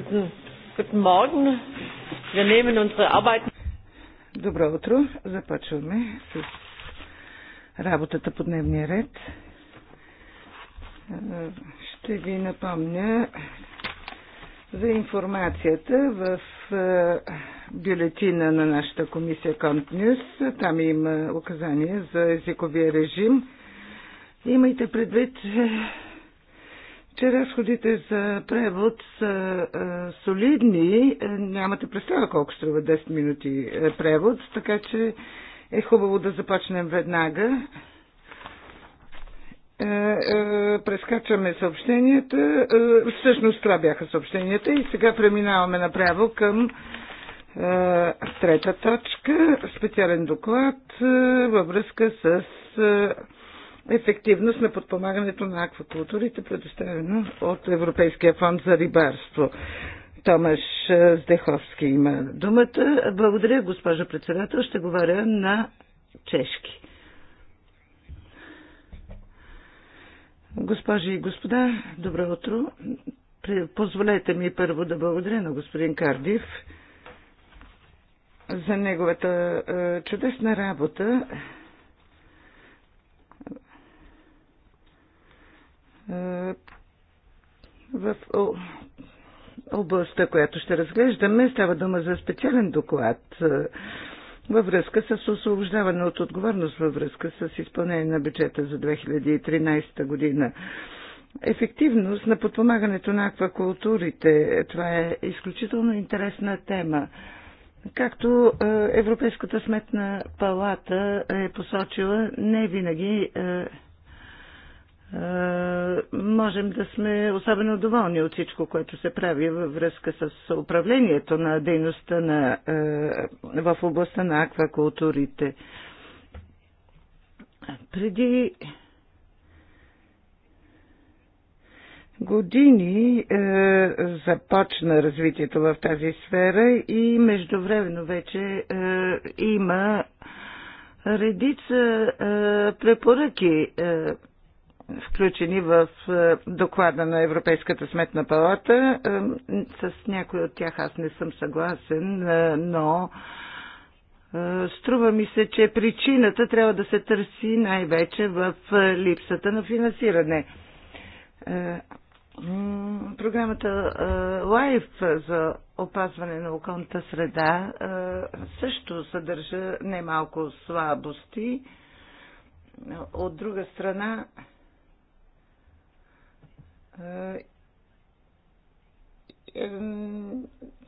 Guten, Morgen. Wir nehmen unsere Arbeit. Добро утро. Започваме с работата по дневния ред. Ще ви напомня за информацията в е, бюлетина на нашата комисия Контнюс. Там има указания за езиковия режим. Имайте предвид, че разходите за превод са а, солидни. Е, нямате представа колко струва 10 минути е, превод, така че е хубаво да започнем веднага. Е, е, прескачаме съобщенията. Е, всъщност това бяха съобщенията и сега преминаваме направо към е, трета точка, специален доклад във връзка с ефективност на подпомагането на аквакултурите, предоставено от Европейския фонд за рибарство. Томаш Здеховски има думата. Благодаря, госпожа председател. Ще говоря на чешки. Госпожи и господа, добро утро. Позволете ми първо да благодаря на господин Кардив за неговата е, чудесна работа Е, в областта, която ще разглеждаме, става дума за специален доклад е, във връзка с освобождаване от отговорност във връзка с изпълнение на бюджета за 2013 година. Ефективност на подпомагането на аквакултурите. Това е изключително интересна тема. Както е, Европейската сметна палата е посочила, не винаги е, можем да сме особено доволни от всичко, което се прави във връзка с управлението на дейността на, е, в областта на аквакултурите. Преди години е, започна развитието в тази сфера и междувременно вече е, има редица е, препоръки. Е, включени в е, доклада на Европейската сметна палата. Е, с някои от тях аз не съм съгласен, е, но струва ми се, че причината трябва да се търси най-вече в липсата на финансиране. Програмата Life за опазване на околната среда също съдържа немалко слабости. От друга страна, е,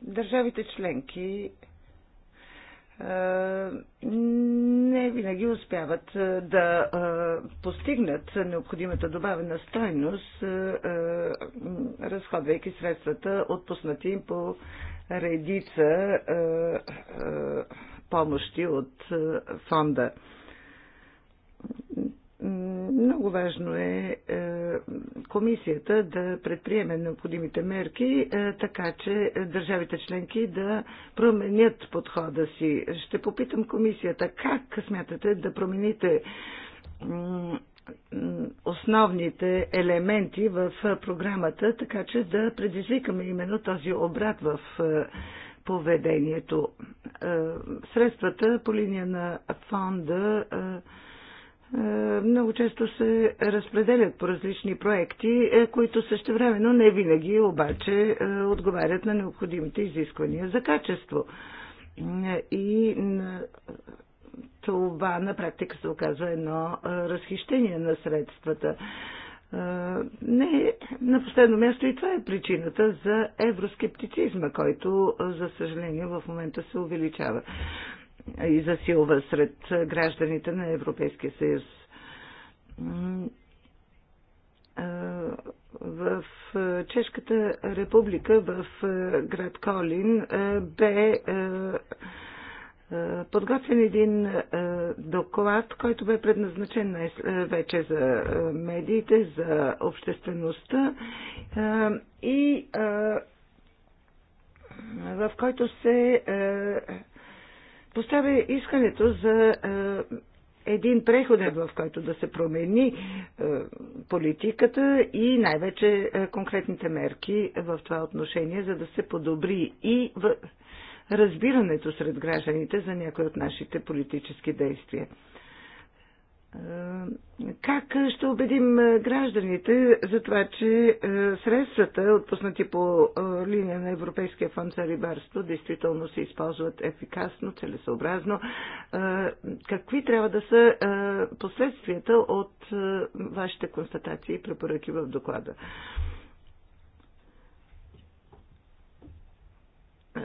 държавите членки не винаги успяват да постигнат необходимата добавена стойност, разходвайки средствата, отпуснати им по редица помощи от фонда. Много важно е, е комисията да предприеме необходимите мерки, е, така че държавите членки да променят подхода си. Ще попитам комисията как смятате да промените основните елементи в програмата, така че да предизвикаме именно този обрат в е, поведението. Средствата по линия на фонда е, много често се разпределят по различни проекти, е, които същевременно не винаги обаче е, отговарят на необходимите изисквания за качество. И това на практика се оказва едно разхищение на средствата. Не, на последно място и това е причината за евроскептицизма, който, за съжаление, в момента се увеличава и засилва сред гражданите на Европейския съюз. В Чешката република, в град Колин, бе подготвен един доклад, който бе предназначен вече за медиите, за обществеността и в който се поставя искането за е, един преходен, в който да се промени е, политиката и най-вече е, конкретните мерки в това отношение, за да се подобри и разбирането сред гражданите за някои от нашите политически действия. Как ще убедим гражданите за това, че е, средствата, отпуснати по е, линия на Европейския фонд за рибарство, действително се използват ефикасно, целесообразно? Е, какви трябва да са последствията от вашите констатации и препоръки в доклада?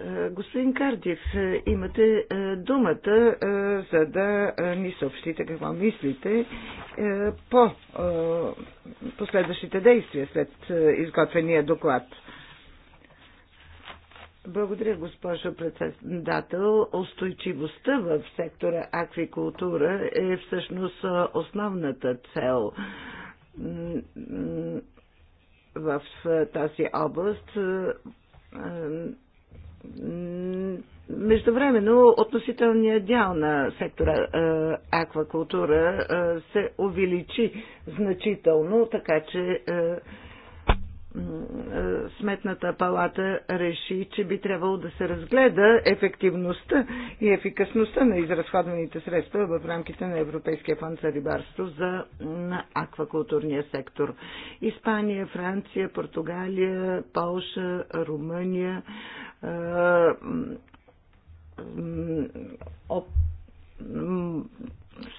Е, господин Кардив, е, имате е, думата, за да ни съобщите какво мислите по последващите действия след изготвения доклад. Благодаря, госпожо председател. Устойчивостта в сектора аквикултура е всъщност основната цел в тази област Междувременно относителният дял на сектора аквакултура се увеличи значително, така че Сметната палата реши, че би трябвало да се разгледа ефективността и ефикасността на изразходваните средства в рамките на Европейския фонд за рибарство за на аквакултурния сектор. Испания, Франция, Португалия, Полша, Румъния е,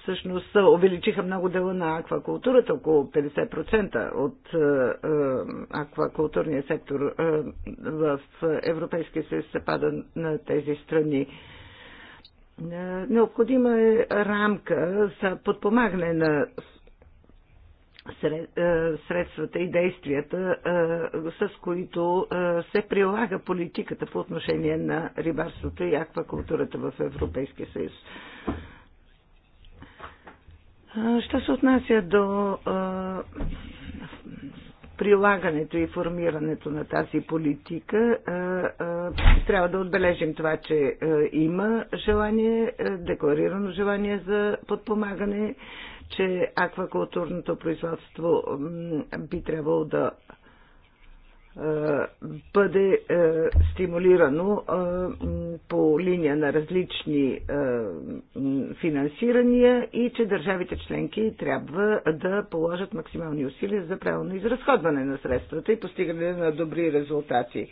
всъщност увеличиха много дела на аквакултурата, около 50% от е, е, аквакултурния сектор в Европейския съюз се пада на тези страни. Необходима е рамка за подпомагане на е, средствата и действията, е, с които е, се прилага политиката по отношение на рибарството и аквакултурата в Европейския съюз. Що се отнася до прилагането и формирането на тази политика, трябва да отбележим това, че има желание, декларирано желание за подпомагане че аквакултурното производство би трябвало да е, бъде е, стимулирано е, по линия на различни финансирания и че държавите членки трябва да положат максимални усилия за правилно изразходване на средствата и постигане на добри резултати.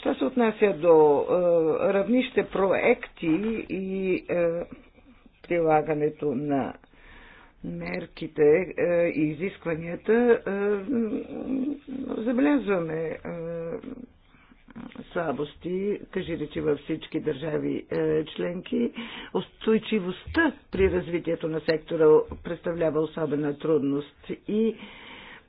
Що се отнася до равнище проекти и прилагането на мерките е, и изискванията е, забелязваме е, слабости, кажи речи във всички държави членки. Устойчивостта при развитието на сектора представлява особена трудност и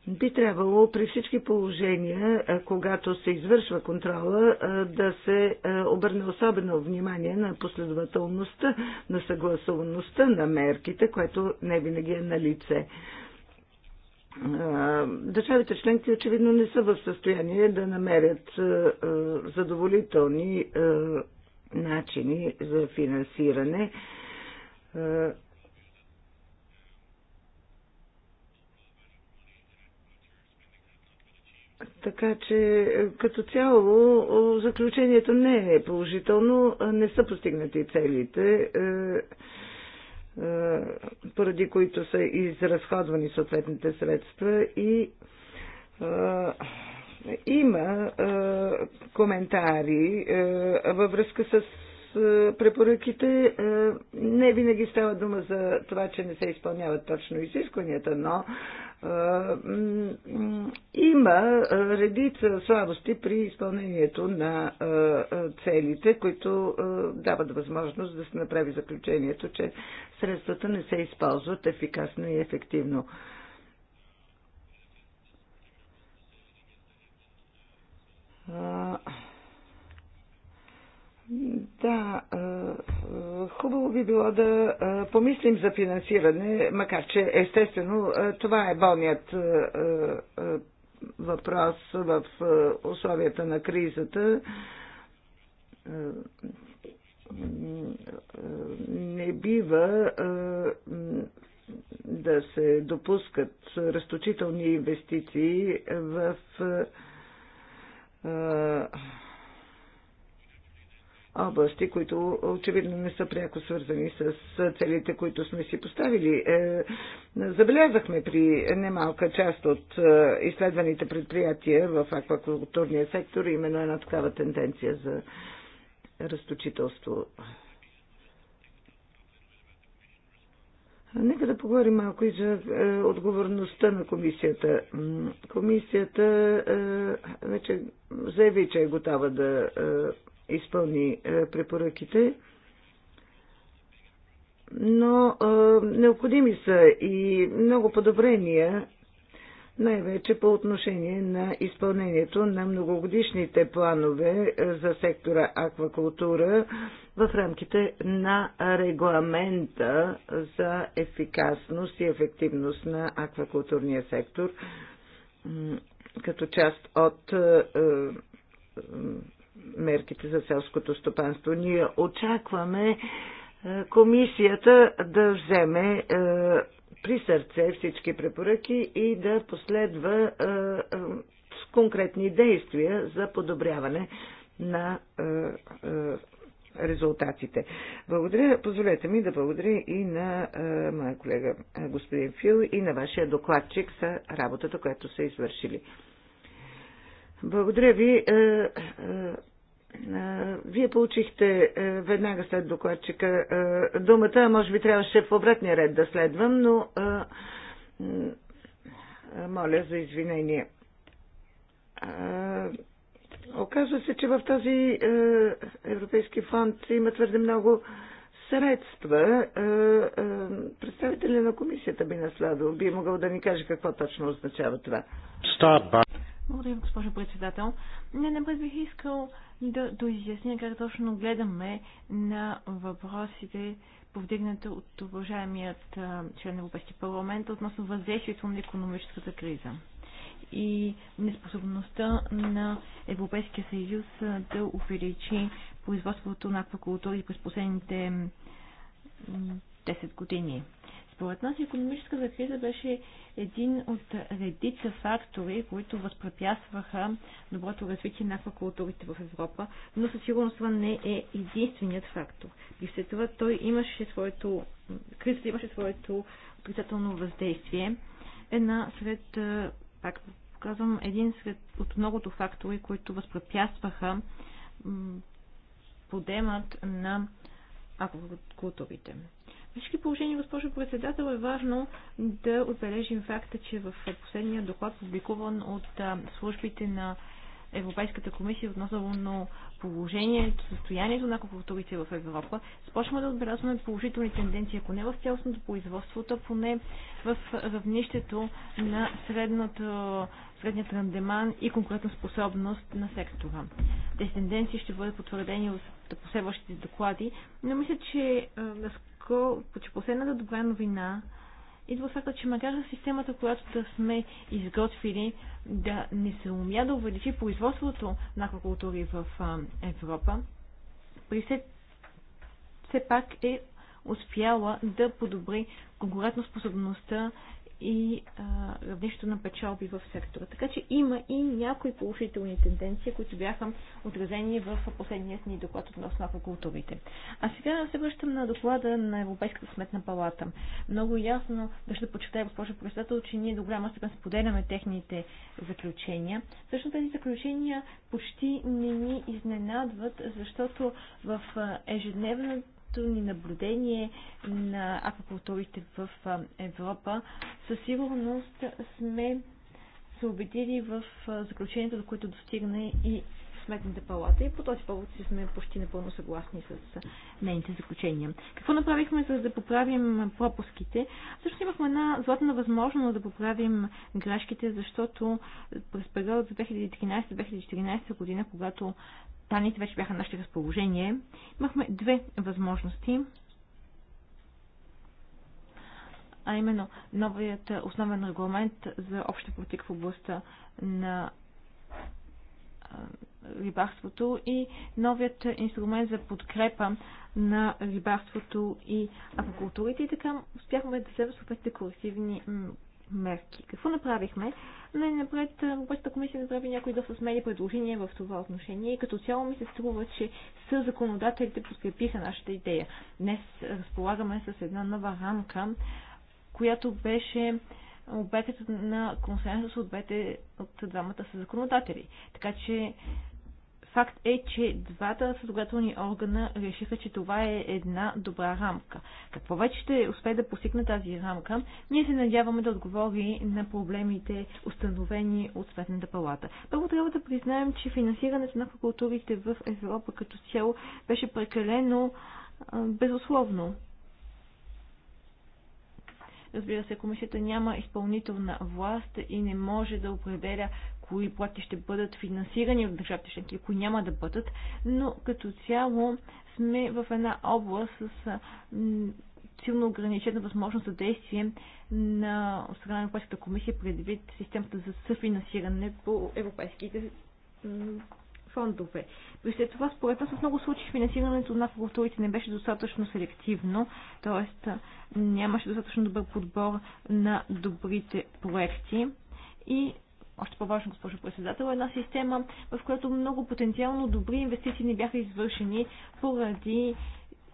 би трябвало при всички положения, когато се извършва контрола, да се обърне особено внимание на последователността, на съгласуваността на мерките, което не винаги е на лице. Държавите членки очевидно не са в състояние да намерят задоволителни начини за финансиране Така че като цяло заключението не е положително, не са постигнати целите, е, е, поради които са изразходвани съответните средства и е, има коментари във връзка с е, препоръките. Е, не винаги става дума за това, че не се изпълняват точно изискванията, но е, има редица слабости при изпълнението на целите, които дават възможност да се направи заключението, че средствата не се използват ефикасно и ефективно. Да, хубаво би било да помислим за финансиране, макар че естествено това е болният въпрос в условията на кризата. Не бива да се допускат разточителни инвестиции в области, които очевидно не са пряко свързани с целите, които сме си поставили. Е, забелязахме при немалка част от е, изследваните предприятия в аквакултурния сектор именно една такава тенденция за разточителство. Нека да поговорим малко и за е, отговорността на комисията. Комисията е, вече заяви, че е готова да е, изпълни е, препоръките. Но е, необходими са и много подобрения, най-вече по отношение на изпълнението на многогодишните планове е, за сектора аквакултура в рамките на регламента за ефикасност и ефективност на аквакултурния сектор като част от мерките за селското стопанство. Ние очакваме е, комисията да вземе е, при сърце всички препоръки и да последва е, с конкретни действия за подобряване на резултатите. Благодаря, позволете ми да благодаря и на моя колега господин Фил и на вашия докладчик за работата, която са извършили. Благодаря ви. Е, е, е, вие получихте веднага след докладчика думата, може би трябваше в обратния ред да следвам, но моля за извинение. Оказва се, че в този Европейски фонд има твърде много средства. Представителя на комисията би насладил, би могъл да ни каже какво точно означава това. Благодаря госпожо председател. Не, не бих искал да доизясня как точно гледаме на въпросите, повдигнати от уважаемият член на Европейския парламент относно въздействието на економическата криза и неспособността на Европейския съюз да увеличи производството на аквакултури през последните 10 години. Според нас економическата криза беше един от редица фактори, които възпрепятстваха доброто развитие на аквакултурите в Европа, но със сигурност това не е единственият фактор. И след това той имаше своето, кризата имаше своето отрицателно въздействие. Една сред, пак казвам, един сред от многото фактори, които възпрепятстваха подемът на аквакултурите всички положения, госпожо председател, е важно да отбележим факта, че в последния доклад, публикуван от службите на Европейската комисия относно положението, състоянието на аквакултурите в Европа, започваме да отбелязваме положителни тенденции, ако не в цялостното производство, то поне в равнището на средното, средният рандеман и способност на сектора. Тези тенденции ще бъдат потвърдени от последващите доклади, но мисля, че по че последната добра новина идва факта, че макар за системата, която да сме изготвили, да не се умя да увеличи производството на аквакултури в Европа, при все, все пак е успяла да подобри конкурентоспособността и а, нещо на печалби в сектора. Така че има и някои положителни тенденции, които бяха отразени в последния ни доклад относно аквакултурите. А сега се връщам на доклада на Европейската сметна палата. Много ясно беше да почитая, госпожа председател, че ние до голяма степен споделяме техните заключения. Всъщност тези заключения почти не ни изненадват, защото в ежедневната ни наблюдение на аквакултурите в Европа, със сигурност сме се убедили в заключението, до което достигна и сметната палата и по този повод си сме почти напълно съгласни с нейните заключения. Какво направихме за да поправим пропуските? Също имахме една златна възможност да поправим грешките, защото през период за 2013-2014 година, когато таните вече бяха на разположение, имахме две възможности а именно новият основен регламент за обща политика в областта на рибарството и новият инструмент за подкрепа на рибарството и аквакултурите и така успяхме да се съответните колективни мерки. Какво направихме? Най-напред Европейската комисия направи някои доста смели предложения в това отношение и като цяло ми се струва, че с законодателите подкрепиха нашата идея. Днес разполагаме с една нова рамка, която беше обектът на консенсус от, двете, от двамата са законодатели. Така че факт е, че двата съдогателни органа решиха, че това е една добра рамка. Какво вече ще успее да постигне тази рамка, ние се надяваме да отговори на проблемите, установени от Светната палата. Първо трябва да признаем, че финансирането на факултурите в Европа като цяло беше прекалено безусловно. Разбира се, комисията няма изпълнителна власт и не може да определя кои проекти ще бъдат финансирани от държавите членки, кои няма да бъдат, но като цяло сме в една област с силно ограничена възможност за действие на страна на Европейската комисия предвид системата за съфинансиране по европейските фондове. При след това, според нас, в много случаи финансирането на културите не беше достатъчно селективно, т.е. нямаше достатъчно добър подбор на добрите проекти. И още по-важно, госпожо председател, е една система, в която много потенциално добри инвестиции не бяха извършени поради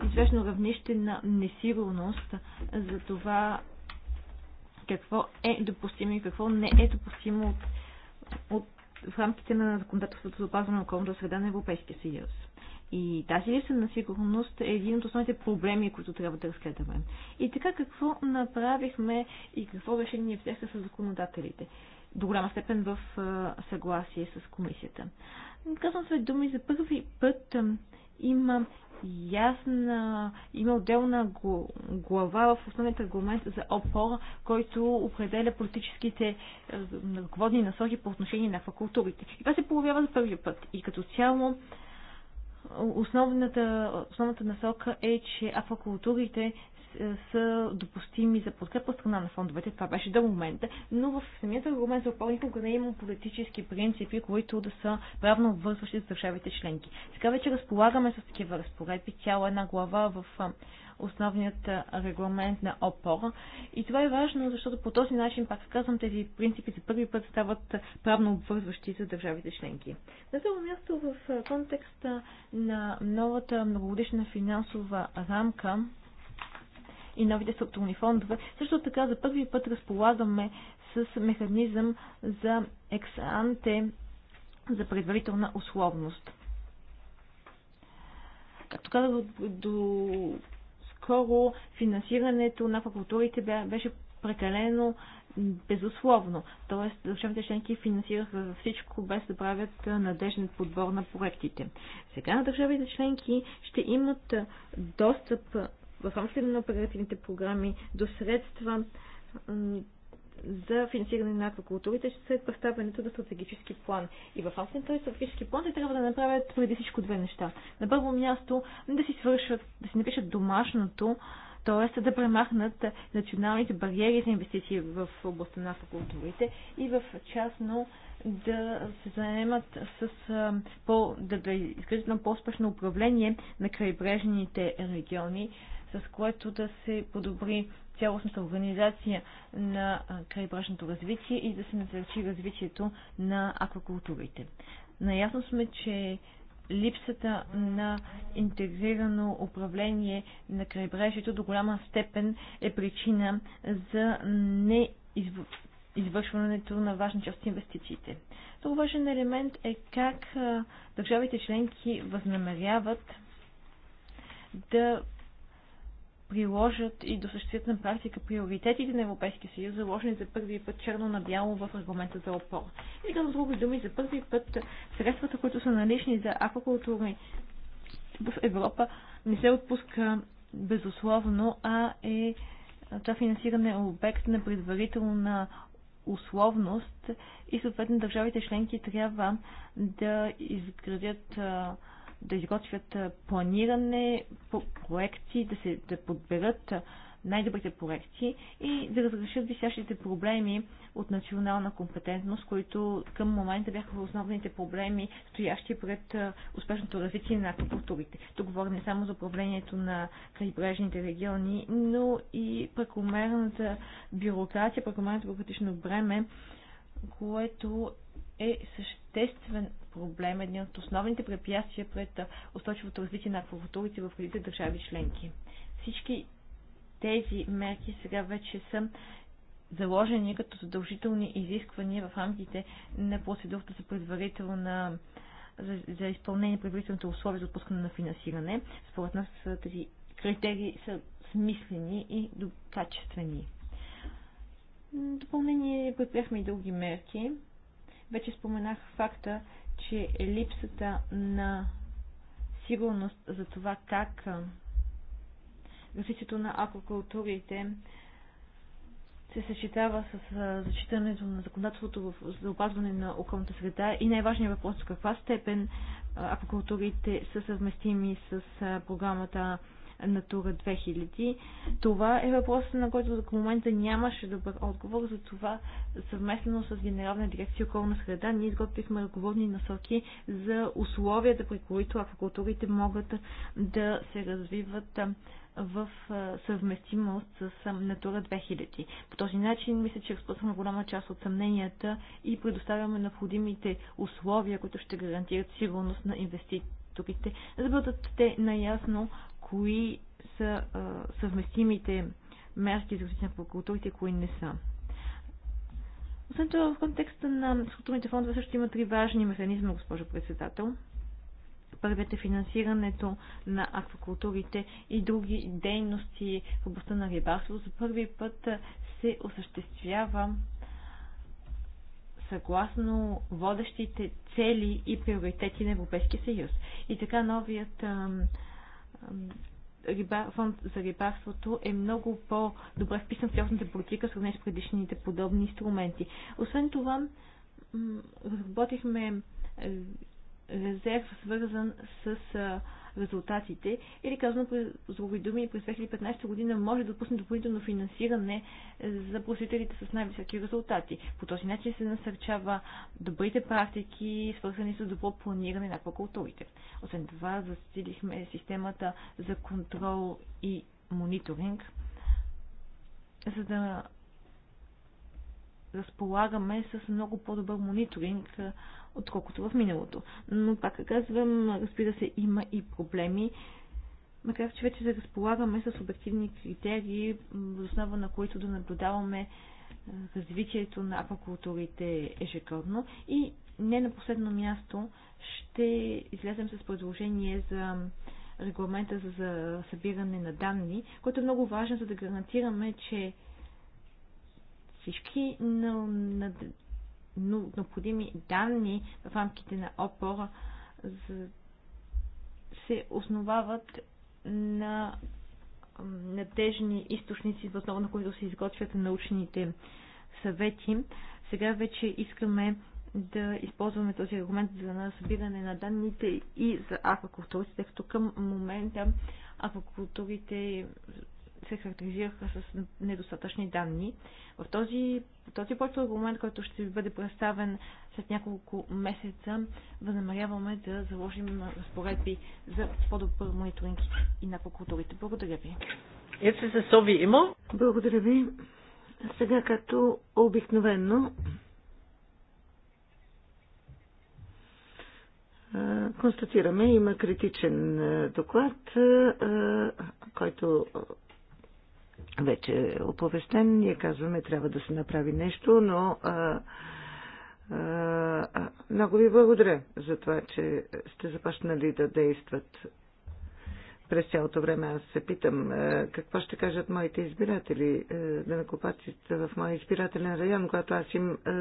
известно равнище на несигурност за това какво е допустимо и какво не е допустимо от, от в рамките на законодателството за опазване на околната среда на Европейския съюз. И тази липса на сигурност е един от основните проблеми, които трябва да разгледаме. И така какво направихме и какво решение взеха с законодателите? До голяма степен в съгласие с комисията. Казвам след думи, за първи път има ясна, има отделна глава в основния регламент за опор, който определя политическите е, ръководни насоки по отношение на факултурите. И това се появява за първи път. И като цяло основната, основната насока е, че факултурите е, са допустими за подкрепа от страна на фондовете. Това беше до момента. Но в самият регламент за опор никога не е има политически принципи, които да са правно обвързващи за държавите членки. Сега вече разполагаме с такива разпоредби. Цяла една глава в е, основният регламент на опора. И това е важно, защото по този начин, пак казвам, тези принципи за първи път стават правно обвързващи за държавите членки. На това място в контекста на новата многогодишна финансова рамка, и новите структурни фондове. Също така за първи път разполагаме с механизъм за ексанте за предварителна условност. Както казах, до скоро финансирането на факултурите беше прекалено безусловно. Тоест, държавните членки финансираха всичко без да правят надежден подбор на проектите. Сега държавите членки ще имат достъп в рамките на оперативните програми до средства за финансиране на аквакултурите след представянето на стратегически план. И в рамките на този стратегически план те трябва да направят преди всичко две неща. На първо място да си свършат, да си напишат домашното, т.е. да премахнат националните бариери за инвестиции в областта на аквакултурите и в частно да се заемат с по, да, да изграждат на по-успешно управление на крайбрежните региони, с което да се подобри цялостната организация на крайбрежното развитие и да се насърчи развитието на аквакултурите. Наясно сме, че липсата на интегрирано управление на крайбрежието до голяма степен е причина за не извършването на важна част от инвестициите. Друг важен елемент е как държавите членки възнамеряват да приложат и досъществят на практика приоритетите на Европейския съюз, заложени за първи път черно на бяло в регламента за опор. И с други думи, за първи път средствата, които са налични за аквакултури в Европа, не се отпуска безусловно, а е това финансиране е обект на предварителна условност и съответно държавите членки трябва да изградят да изготвят планиране, проекти, да, се, да подберат най-добрите проекти и да разрешат висящите проблеми от национална компетентност, които към момента бяха основните проблеми, стоящи пред успешното развитие на аквакултурите. Тук говорим не само за управлението на крайбрежните региони, но и прекомерната бюрокрация, прекомерното бюрократично бреме, което е съществен проблем, един от основните препятствия пред устойчивото развитие на аквакултурите в редите държави членки. Всички тези мерки сега вече са заложени като задължителни изисквания в рамките на процедурата за предварителна за, за изпълнение предварителните условия за отпускане на финансиране. Според нас тези критерии са смислени и качествени. Допълнение предприехме и други мерки. Вече споменах факта, че е липсата на сигурност за това как развитието на аквакултурите се съчетава с зачитането на законодателството за опазване на околната среда и най-важният въпрос в каква степен аквакултурите са съвместими с програмата Натура 2000. Това е въпрос, на който до момента нямаше добър отговор, затова съвместно с Генерална дирекция околна среда ние изготвихме ръководни насоки за условията, при които аквакултурите могат да се развиват в съвместимост с Натура 2000. По този начин мисля, че разпъсваме голяма част от съмненията и предоставяме необходимите условия, които ще гарантират сигурност на инвестициите структурите, за да бъдат те наясно кои са а, съвместимите мерки за развитие на културите, кои не са. Освен това, в контекста на структурните фондове също има три важни механизма, госпожо председател. Първият е финансирането на аквакултурите и други дейности в областта на рибарство. За първи път се осъществява съгласно водещите цели и приоритети на Европейския съюз. И така новият ам, ам, фонд за рибарството е много по-добре вписан в цялостната политика, сравнен с предишните подобни инструменти. Освен това, разработихме резерв, свързан с а, резултатите. Или казано с други думи, през 2015 година може да допусне допълнително финансиране за просителите с най-високи резултати. По този начин се насърчава добрите практики, свързани с добро планиране на културите. Освен това, засилихме системата за контрол и мониторинг, за да разполагаме с много по-добър мониторинг отколкото в миналото. Но пак казвам, разбира се, има и проблеми, макар че вече да разполагаме с обективни критерии, в основа на които да наблюдаваме развитието на аквакултурите ежегодно. И не на последно място ще излезем с предложение за регламента за събиране на данни, който е много важен, за да гарантираме, че всички необходими данни в рамките на ОПОР се основават на надежни източници, основа на които се изготвят научните съвети. Сега вече искаме да използваме този аргумент за на събиране на данните и за аквакултурите, тъй като към момента аквакултурите се характеризираха с недостатъчни данни. В този, този почтов момент, който ще ви бъде представен след няколко месеца, възнамеряваме да заложим разпоредби за по-добър мониторинг и на културите. Благодаря ви. Ето се сови има. Благодаря ви. Сега като обикновено. констатираме, има критичен доклад, който вече е оповестен. Ние казваме, трябва да се направи нещо, но а, а, много ви благодаря за това, че сте започнали да действат. През цялото време аз се питам а, какво ще кажат моите избиратели, да накопаците в моя избирателен район, когато аз им а,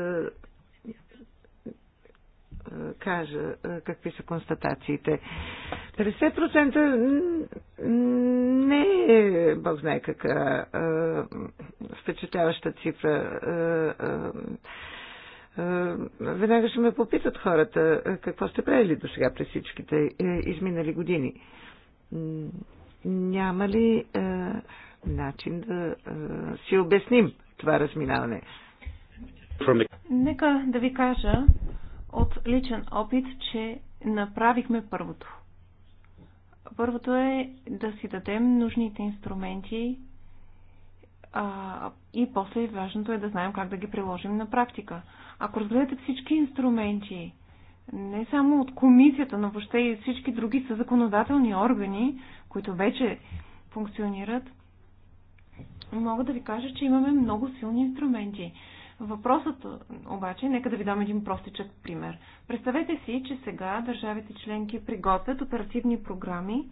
кажа какви са констатациите. 50% не е, бог знае кака, впечатляваща цифра. Веднага ще ме попитат хората какво сте правили до сега през всичките е, изминали години. Няма ли начин да си обясним това разминаване? Нека да ви кажа, от личен опит, че направихме първото. Първото е да си дадем нужните инструменти а, и после важното е да знаем как да ги приложим на практика. Ако разгледате всички инструменти, не само от комисията, но въобще и всички други са законодателни органи, които вече функционират, мога да ви кажа, че имаме много силни инструменти. Въпросът обаче, нека да ви дам един простичък пример. Представете си, че сега държавите членки приготвят оперативни програми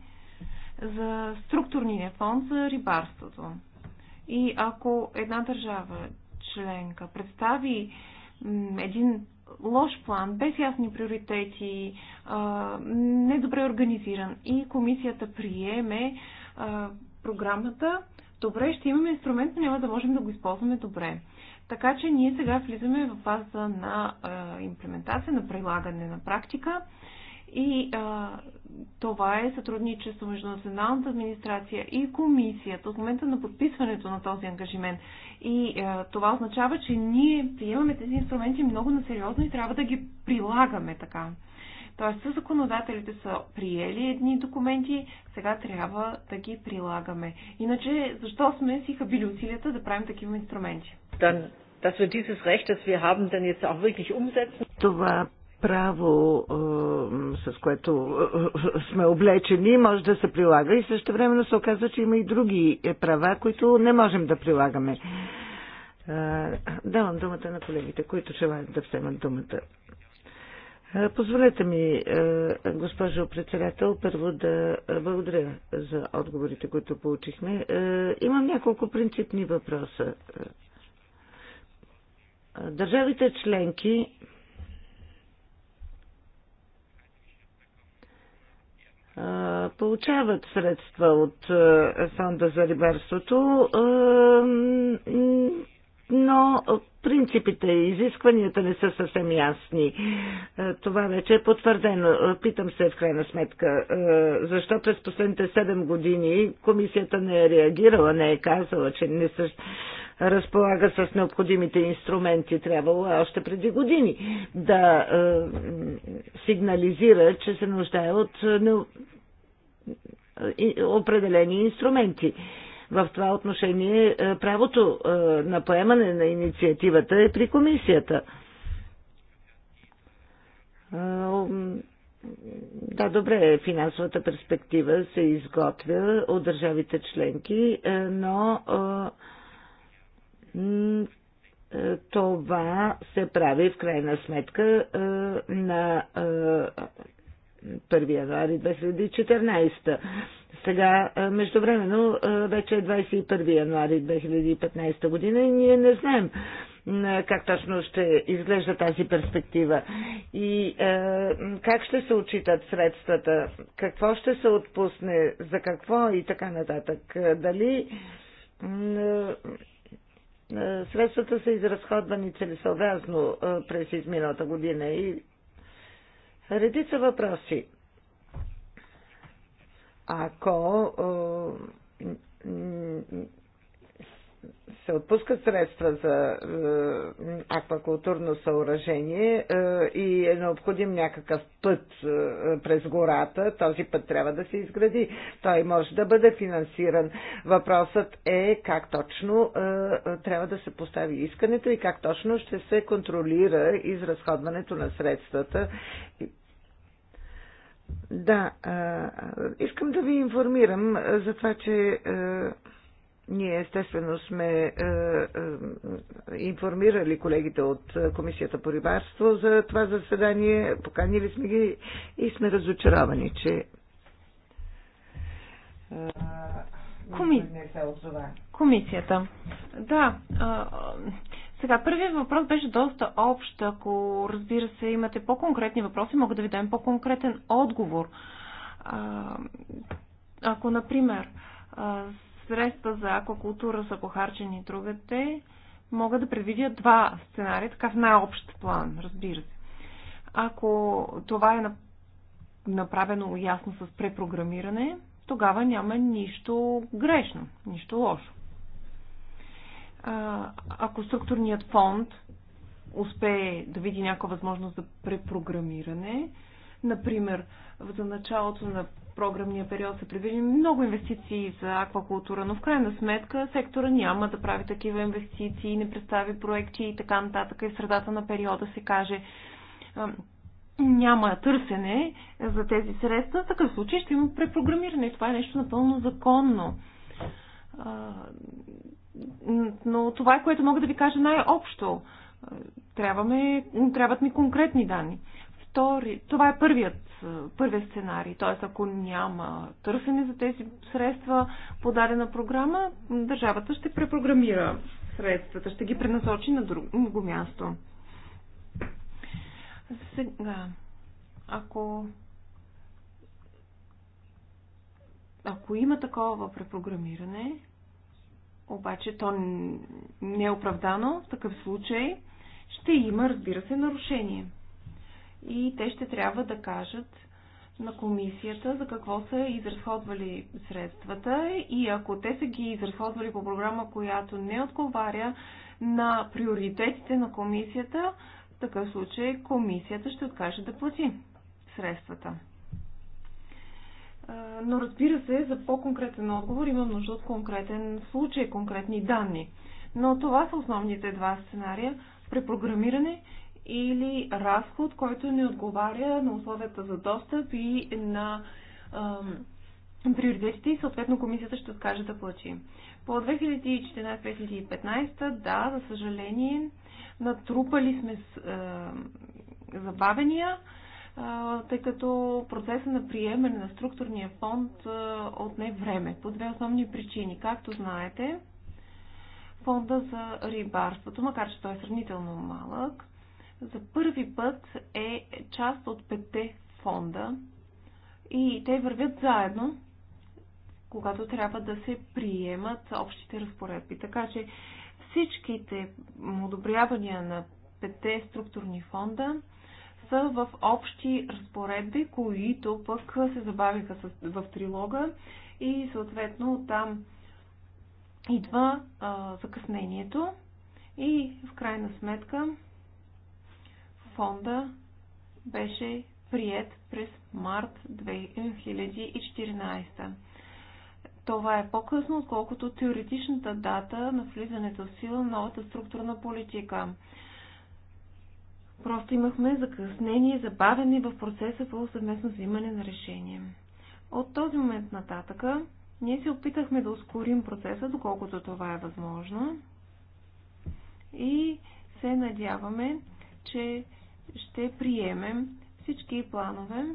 за структурния фонд за рибарството. И ако една държава членка представи един лош план, без ясни приоритети, недобре организиран и комисията приеме програмата, добре, ще имаме инструмент, но няма да можем да го използваме добре. Така че ние сега влизаме в фаза на а, имплементация, на прилагане на практика и а, това е сътрудничество между Националната администрация и комисията от момента на подписването на този ангажимент. И а, това означава, че ние приемаме тези инструменти много насериозно и трябва да ги прилагаме така. Тоест, законодателите са приели едни документи, сега трябва да ги прилагаме. Иначе, защо сме си хабили усилията да правим такива инструменти? Да, dass wir dieses Recht, das wir haben, dann jetzt auch wirklich umsetzen. Това право, е, с което е, е, сме облечени, може да се прилага и също времено се оказва, че има и други права, които не можем да прилагаме. Давам думата на колегите, които желаят да вземат думата. Позволете ми, госпожо председател, първо да благодаря за отговорите, които получихме. Имам няколко принципни въпроса Държавите членки получават средства от фонда за рибарството, но принципите и изискванията не са съвсем ясни. Това вече е потвърдено. Питам се в крайна сметка, защо през последните 7 години комисията не е реагирала, не е казала, че не съществува разполага с необходимите инструменти. Трябвало е още преди години да е, сигнализира, че се нуждае от е, определени инструменти. В това отношение правото на поемане на инициативата е при комисията. Да, добре, финансовата перспектива се изготвя от държавите членки, но е, това се прави в крайна сметка е, на 1 е, януари 2014. Сега, междувременно, вече е 21 януари 2015 година и ние не знаем как точно ще изглежда тази перспектива и как ще се отчитат средствата, какво ще се отпусне, за какво и така нататък. Дали е, средствата са изразходвани целесообразно е, през изминалата година и редица въпроси. Ако е, се отпускат средства за е, аквакултурно съоръжение е, и е необходим някакъв път е, през гората, този път трябва да се изгради. Той може да бъде финансиран. Въпросът е как точно е, трябва да се постави искането и как точно ще се контролира изразходването на средствата да, е, искам да ви информирам за това, че Е, ние естествено сме е, е, информирали колегите от Комисията по рибарство за това заседание, поканили сме ги и сме разочаровани, че е, Коми... не се озова. Комисията. Да. А, сега, първият въпрос беше доста общ. Ако, разбира се, имате по-конкретни въпроси, мога да ви дам по-конкретен отговор. А, ако, например, средства за аквакултура са похарчени другаде, мога да предвидя два сценария, така в най-общ план, разбира се. Ако това е направено ясно с препрограмиране, тогава няма нищо грешно, нищо лошо. Ако структурният фонд успее да види някаква възможност за препрограмиране, Например, за началото на програмния период са предвидени много инвестиции за аквакултура, но в крайна сметка сектора няма да прави такива инвестиции, не представи проекти и така нататък. И в средата на периода се каже няма търсене за тези средства, в такъв случай ще има препрограмиране. Това е нещо напълно законно. Но това е което мога да ви кажа най-общо. трябват ми конкретни данни. Втори, това е първият, е, първият сценарий. Т.е. ако няма търсене за тези средства по дадена програма, държавата ще препрограмира средствата, ще ги пренасочи на друго място. Сега, ако ако има такова препрограмиране, обаче то не е оправдано в такъв случай, ще има, разбира се, нарушение и те ще трябва да кажат на комисията за какво са изразходвали средствата и ако те са ги изразходвали по програма, която не отговаря на приоритетите на комисията, в такъв случай комисията ще откаже да плати средствата. Но разбира се, за по-конкретен отговор имам нужда от конкретен случай, конкретни данни. Но това са основните два сценария – препрограмиране или разход, който не отговаря на условията за достъп и на ам, приоритетите и съответно комисията ще откаже да плачи. По 2014-2015, да, за съжаление, натрупали сме с, е, забавения, тъй като процеса на приемане на структурния фонд отне време по две основни причини. Както знаете, фонда за рибарството, макар че той е сравнително малък, за първи път е част от петте фонда и те вървят заедно, когато трябва да се приемат общите разпоредби. Така че всичките одобрявания на петте структурни фонда са в общи разпоредби, които пък се забавиха в трилога и съответно там идва а, закъснението и в крайна сметка фонда беше прият през март 2014. Това е по-късно, отколкото теоретичната дата на влизането в сила на новата структурна политика. Просто имахме закъснение, забавене в процеса по съвместно взимане на решение. От този момент нататъка ние се опитахме да ускорим процеса, доколкото това е възможно. И се надяваме, че ще приемем всички планове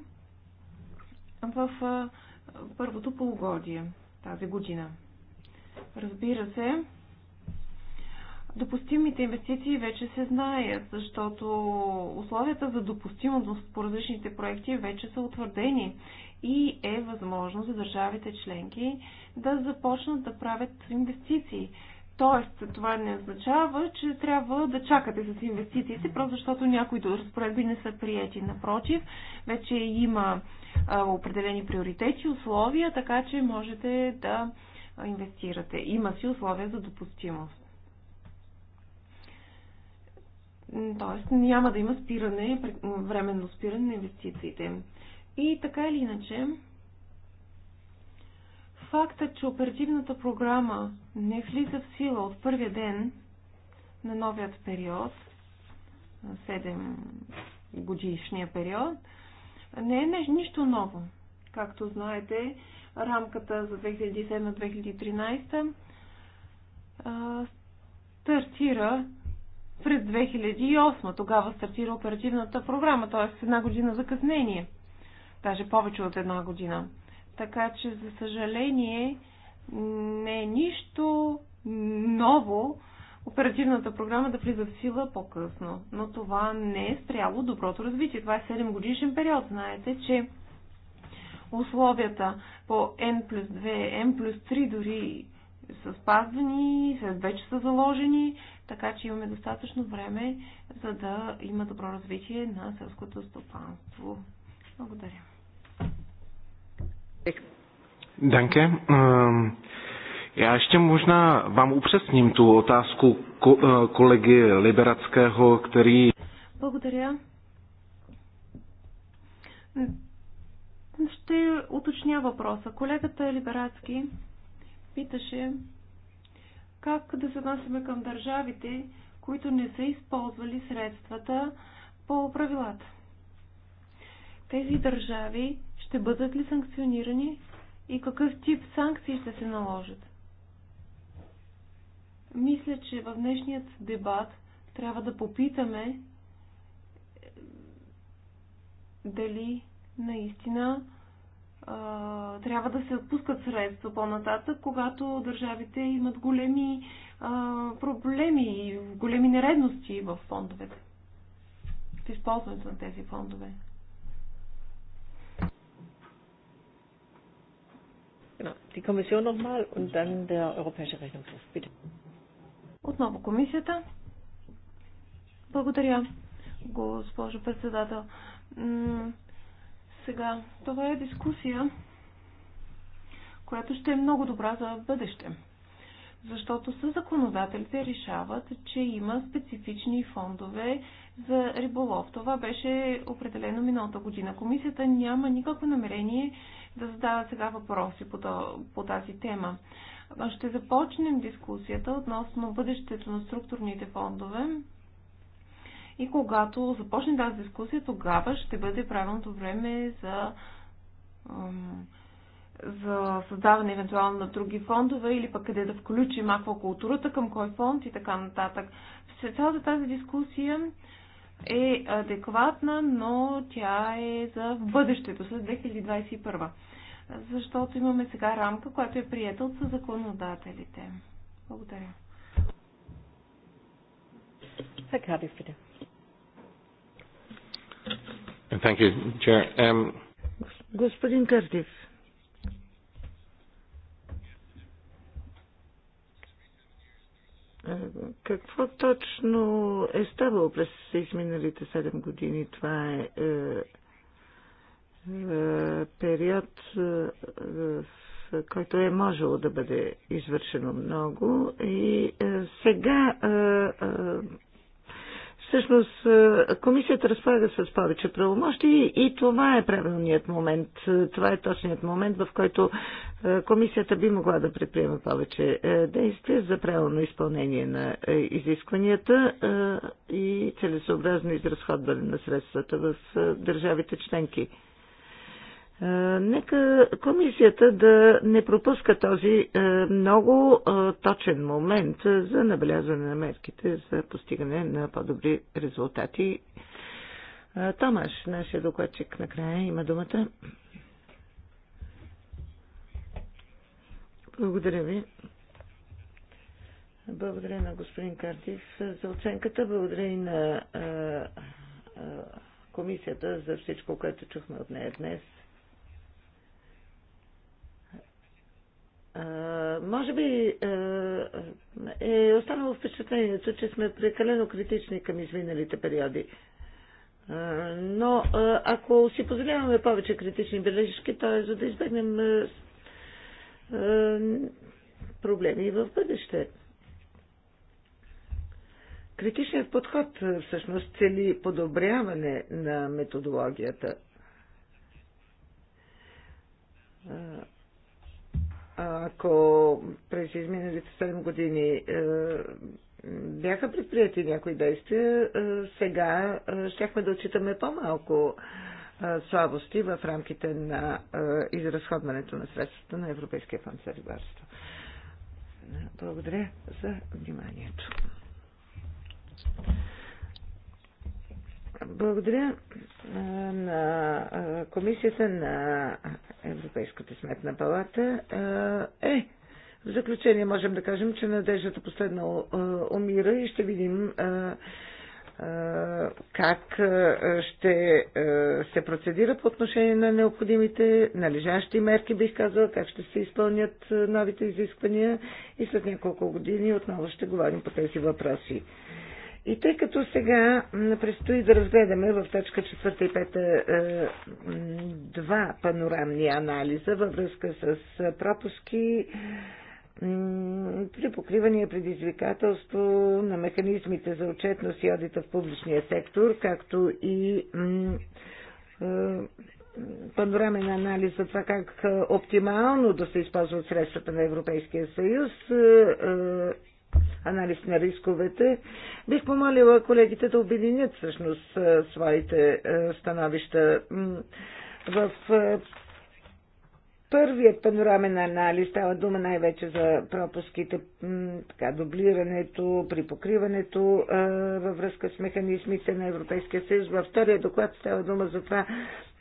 в първото полугодие тази година. Разбира се, допустимите инвестиции вече се знаят, защото условията за допустимост по различните проекти вече са утвърдени и е възможно за държавите членки да започнат да правят инвестиции. Тоест, това не означава, че трябва да чакате с инвестициите, просто защото някои разпоредби не са прияти. Напротив, вече има а, определени приоритети, условия, така че можете да инвестирате. Има си условия за допустимост. Тоест, няма да има спиране, временно спиране на инвестициите. И така или иначе, Факта, е, че оперативната програма не влиза в сила от първия ден на новият период, 7 годишния период, не е нищо ново. Както знаете, рамката за 2007-2013 стартира през 2008. Тогава стартира оперативната програма, т.е. една година закъснение. Даже повече от една година. Така че, за съжаление, не е нищо ново оперативната програма да влиза в сила по-късно. Но това не е спряло доброто развитие. Това е 7 годишен период. Знаете, че условията по N плюс 2, N плюс 3 дори са спазвани, вече са заложени, така че имаме достатъчно време, за да има добро развитие на селското стопанство. Благодаря. Danke. Já ještě možná vám upřesním tu otázku eh, kolegy Liberackého, který... Благодаря. Ще уточня въпроса. Колегата Либерацки питаше как да се насяме към държавите, които не са използвали средствата по правилата. Тези държави ще бъдат ли санкционирани и какъв тип санкции ще се наложат? Мисля, че в днешният дебат трябва да попитаме е, дали наистина а, трябва да се отпускат средства по-нататък, когато държавите имат големи а, проблеми и големи нередности в фондовете, в използването на тези фондове. Genau. Die Kommission nochmal und dann der Europäische Rechnungshof. Bitte. Отново комисията. Благодаря, госпожо председател. Сега, това е дискусия, която ще е много добра за бъдеще защото със законодателите решават, че има специфични фондове за риболов. Това беше определено миналата година. Комисията няма никакво намерение да задава сега въпроси по тази тема. Ще започнем дискусията относно бъдещето на структурните фондове и когато започне тази дискусия, тогава ще бъде правилното време за за създаване евентуално на други фондове или пък къде да включим аквакултурата към кой фонд и така нататък. Цялата тази дискусия е адекватна, но тя е за бъдещето, след 2021. Защото имаме сега рамка, която е приета от законодателите. Благодаря. Така ли um, Господин Кърдив. Какво точно е ставало през изминалите 7 години? Това е, е, е период, е, в който е можело да бъде извършено много. И е, сега е, е, Всъщност е, комисията разполага с повече правомощи и това е правилният момент. Е, това е точният момент, в който е, комисията би могла да предприема повече действия за правилно изпълнение на изискванията и целесообразно изразходване на средствата в държавите членки. Е, нека комисията да не пропуска този е, много е, точен момент за набелязване на мерките за постигане на по-добри резултати. Томаш, нашия докладчик, накрая има думата. Благодаря ви. Благодаря на господин Картив за оценката. Благодаря и на комисията за всичко, което чухме от нея днес. може би е останало впечатлението, че сме прекалено критични към изминалите периоди. Но ако си позволяваме повече критични бележки, то е за да избегнем проблеми в бъдеще. Критичният подход всъщност цели подобряване на методологията ако през изминалите 7 години е, бяха предприяти някои действия, е, сега е, щяхме да отчитаме по-малко слабости в рамките на изразходването на средствата на Европейския фонд за рибарство. Благодаря за вниманието. Благодаря на Комисията на Европейската сметна палата. Е, в заключение можем да кажем, че надеждата последно умира и ще видим как ще се процедира по отношение на необходимите належащи мерки, бих казала, как ще се изпълнят новите изисквания и след няколко години отново ще говорим по тези въпроси. И тъй като сега предстои да разгледаме в точка 4 и 5 е, два панорамни анализа във връзка с е, пропуски, при покривания предизвикателство на механизмите за отчетност и одита в публичния сектор, както и е, панорамен анализ за това как оптимално да се използват средствата на Европейския съюз анализ на рисковете. Бих помолила колегите да обединят всъщност своите становища в първият панорамен анализ става дума най-вече за пропуските, така, дублирането, припокриването във връзка с механизмите на Европейския съюз. Във втория доклад става дума за това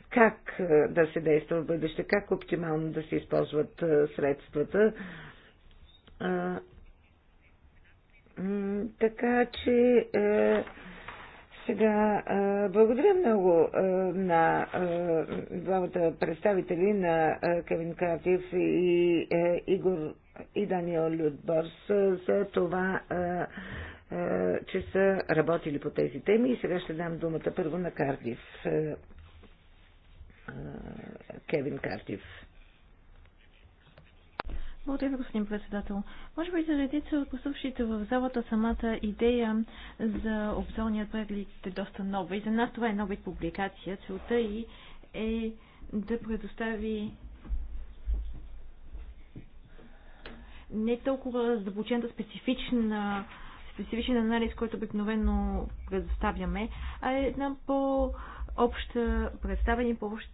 как да се действа в бъдеще, как оптимално да се използват средствата. Така че е, сега е, благодаря много е, на е, двамата представители на е, Кевин Кратив и е, Игор и Даниел Людборс е, за това, е, е, че са работили по тези теми. И сега ще дам думата първо на Кардив. Е, е, Кевин Кардив. Благодаря ви, господин председател. Може би за редица от послушите в залата самата идея за обзорния преглед е доста нова и за нас това е нова публикация. Целта й е да предостави не толкова задълбочената специфична специфичен анализ, който обикновено предоставяме, а е една по- обща представен и по-общ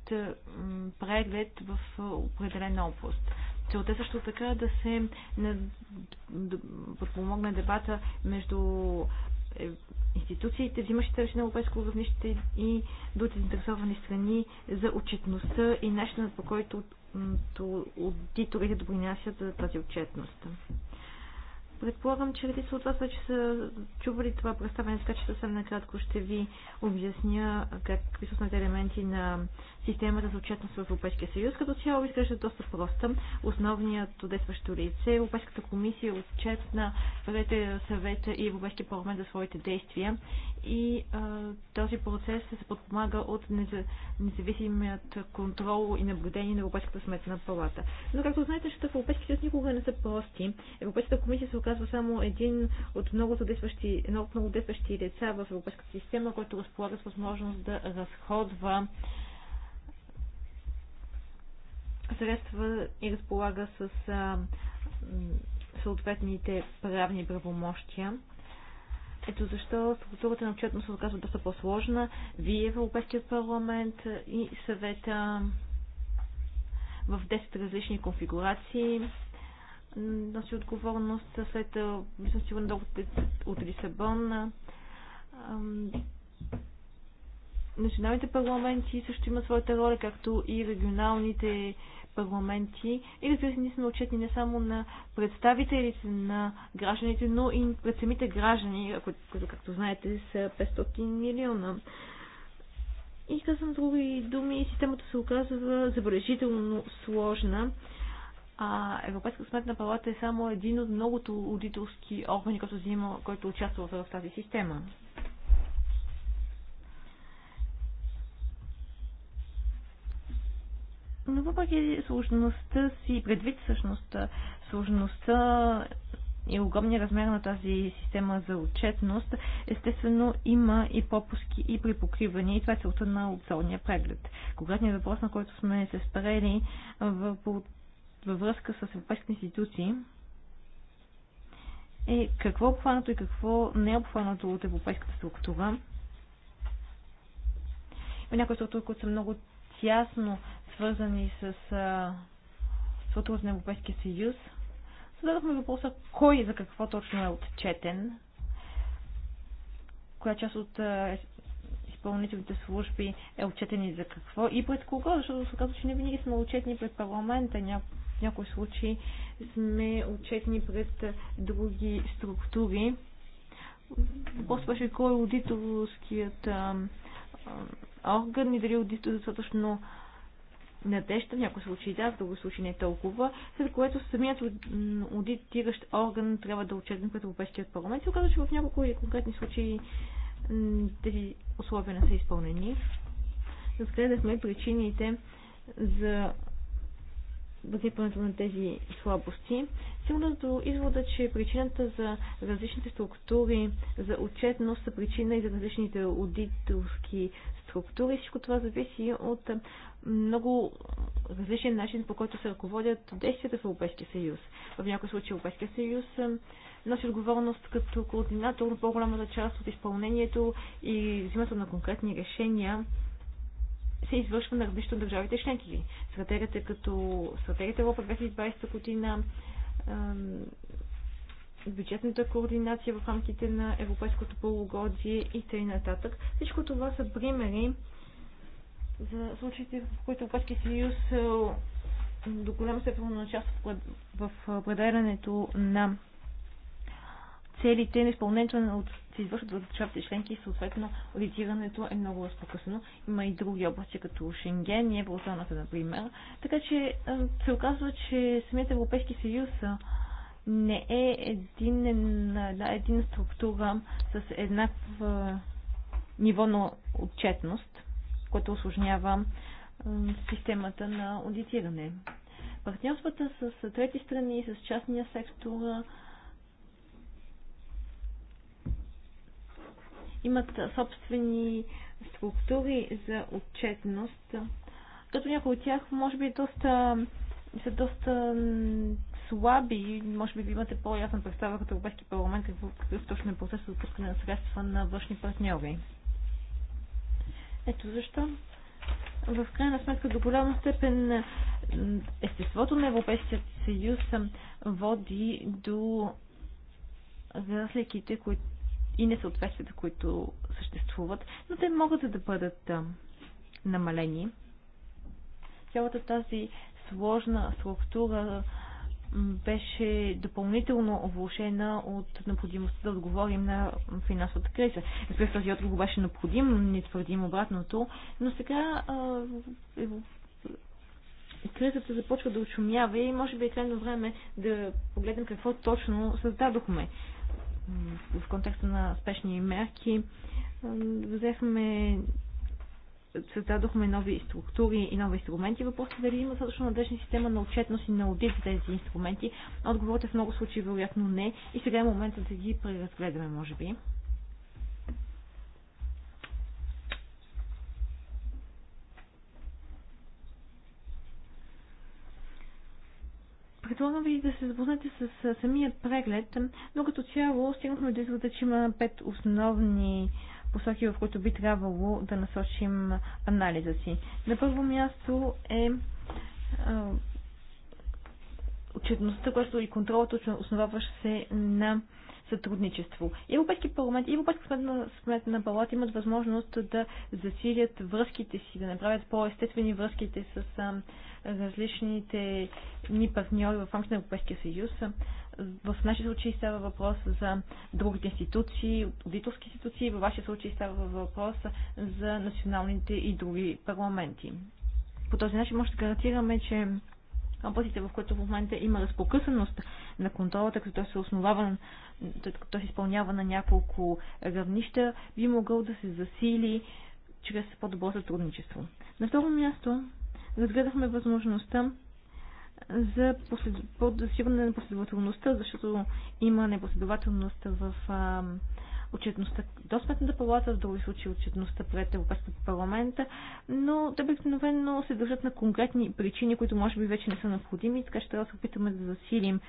преглед в определена област. Целта също така да се подпомогне дебата между е, институциите, взимащите решение на европейско равнище и другите заинтересовани страни за отчетността и начинът по който аудиторите допринасят за тази отчетност. Предполагам, че редица от вас вече са чували това представяне, така че съвсем накратко ще ви обясня какви са елементи на системата за отчетност в Европейския съюз. Като цяло изглежда доста проста. Основният действащо лице, е Европейската комисия отчетна, е съвета и Европейския парламент за своите действия и а, този процес се подпомага от независимият контрол и наблюдение на Европейската сметна палата. Но както знаете, ще в Европейския съюз никога не са прости. Европейската комисия се оказва само един от много действащи, едно от много действащи деца в Европейската система, който разполага с възможност да разходва средства и разполага с а, съответните правни правомощия. Ето защо структурата на отчетност се оказва доста по-сложна. Вие в Европейския парламент и съвета в 10 различни конфигурации носи отговорност след сигурно долу е от Лисабон. Националните парламенти също имат своята роля, както и регионалните парламенти. И разбира се, ние сме отчетни не само на представителите на гражданите, но и пред самите граждани, които, както знаете, са 500 милиона. И казвам други думи, системата се оказва забележително сложна. А Европейска сметна палата е само един от многото аудиторски органи, който, взима, който участва в тази система. Но въпреки сложността си, предвид всъщност сложността и огромния размер на тази система за отчетност, естествено има и пропуски и припокривания и това е целта на обзорния преглед. Конкретният въпрос, на който сме се спрели във, във връзка с европейските институции, е какво е обхванато и какво не е обхванато от европейската структура. някои структури, които са много тясно свързани с структурата на Европейския съюз. Зададохме въпроса кой за какво точно е отчетен, коя част от изпълнителните служби е отчетени за какво и пред кого, защото се казва, че не винаги сме отчетни пред парламента. В някои случаи сме отчетни пред други структури. Въпросът беше кой е аудиторският орган и дали е достатъчно надежда, в някои случаи да, в други случаи не толкова, след което самият аудитиращ орган трябва да отчетне пред Европейският парламент. Се оказва, че в няколко конкретни случаи тези условия не са изпълнени. Разгледахме причините за възникването на тези слабости. Сигурно до извода, че причината за различните структури за отчетност са причина и за различните аудиторски структури. Всичко това зависи от много различен начин, по който се ръководят действията в Европейския съюз. В някои случаи Европейския съюз носи отговорност като координатор на по-голямата част от изпълнението и взимането на конкретни решения се извършва на равнището държавите членки. Стратегията е като Стратегията Европа 2020 година, бюджетната координация в рамките на европейското полугодие и т.н. Всичко това са примери за случаите, в които Европейския съюз е, до голяма степен участва в определянето на целите на изпълнението от, се извършват в държавите членки и съответно аудитирането е много разпокъсано. Има и други области, като Шенген и еврозоната, например. Така че се оказва, че самият Европейски съюз не е един, една, единна структура с еднакво ниво на отчетност, което осложнява системата на аудитиране. Партньорствата с трети страни, с частния сектор имат собствени структури за отчетност, като някои от тях може би доста, са доста слаби, може би ви имате по-ясна представа като Европейски парламент какъв, какъв точно е процес за отпускане на средства на външни партньори. Ето защо в крайна сметка до голяма степен естеството на Европейския съюз води до разликите, които и несъответствията, които съществуват, но те могат да бъдат намалени. Цялата тази сложна структура беше допълнително влушена от необходимостта да отговорим на финансовата криза. Разбира се, този отговор беше необходим, не твърдим обратното, но сега а, е, кризата започва да очумява и може би е крайно време да погледнем какво точно създадохме в контекста на спешни мерки взехме създадохме нови структури и нови инструменти. Въпросът е дали има достатъчно надежна система на отчетност и на аудит за тези инструменти. Отговорът е в много случаи вероятно не и сега е момента да ги преразгледаме, може би. Предлагам ви да се запознаете с самия преглед, но като цяло стигнахме до извода, че има пет основни посоки, в които би трябвало да насочим анализа си. На първо място е отчетността, която и контролът точно основаващ се на сътрудничество. И Европейски парламент и Европейски сметна, на палата имат възможност да засилят връзките си, да направят по-естествени връзките с а, различните ни партньори в рамките на Европейския съюз. В нашия случай става въпрос за другите институции, аудиторски институции, във вашия случай става въпрос за националните и други парламенти. По този начин може да гарантираме, че кампусите, в които в момента има разпокъсаност на контролата, като той се основава, като се изпълнява на няколко равнища, би могъл да се засили чрез по-добро сътрудничество. На второ място разгледахме възможността за послед... на последователността, защото има непоследователност в отчетността до сметната палата, в други случаи отчетността пред Европейската е парламента, но те обикновено се държат на конкретни причини, които може би вече не са необходими, така че трябва да се опитаме да засилим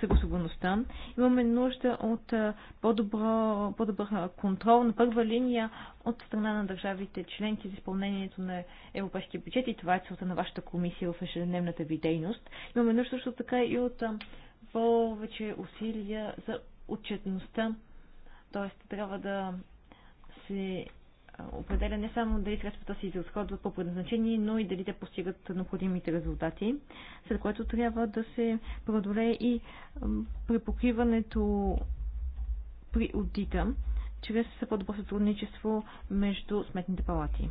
съгласуваността. Имаме нужда от по-добър по контрол на първа линия от страна на държавите членки за изпълнението на европейския бюджет и това е целта на вашата комисия в ежедневната ви дейност. Имаме нужда също така и от повече усилия за отчетността. Т.е. трябва да се определя не само дали средствата се изразходват по предназначение, но и дали те постигат необходимите резултати, след което трябва да се преодолее и препокриването при аудита чрез по-добро сътрудничество между сметните палати.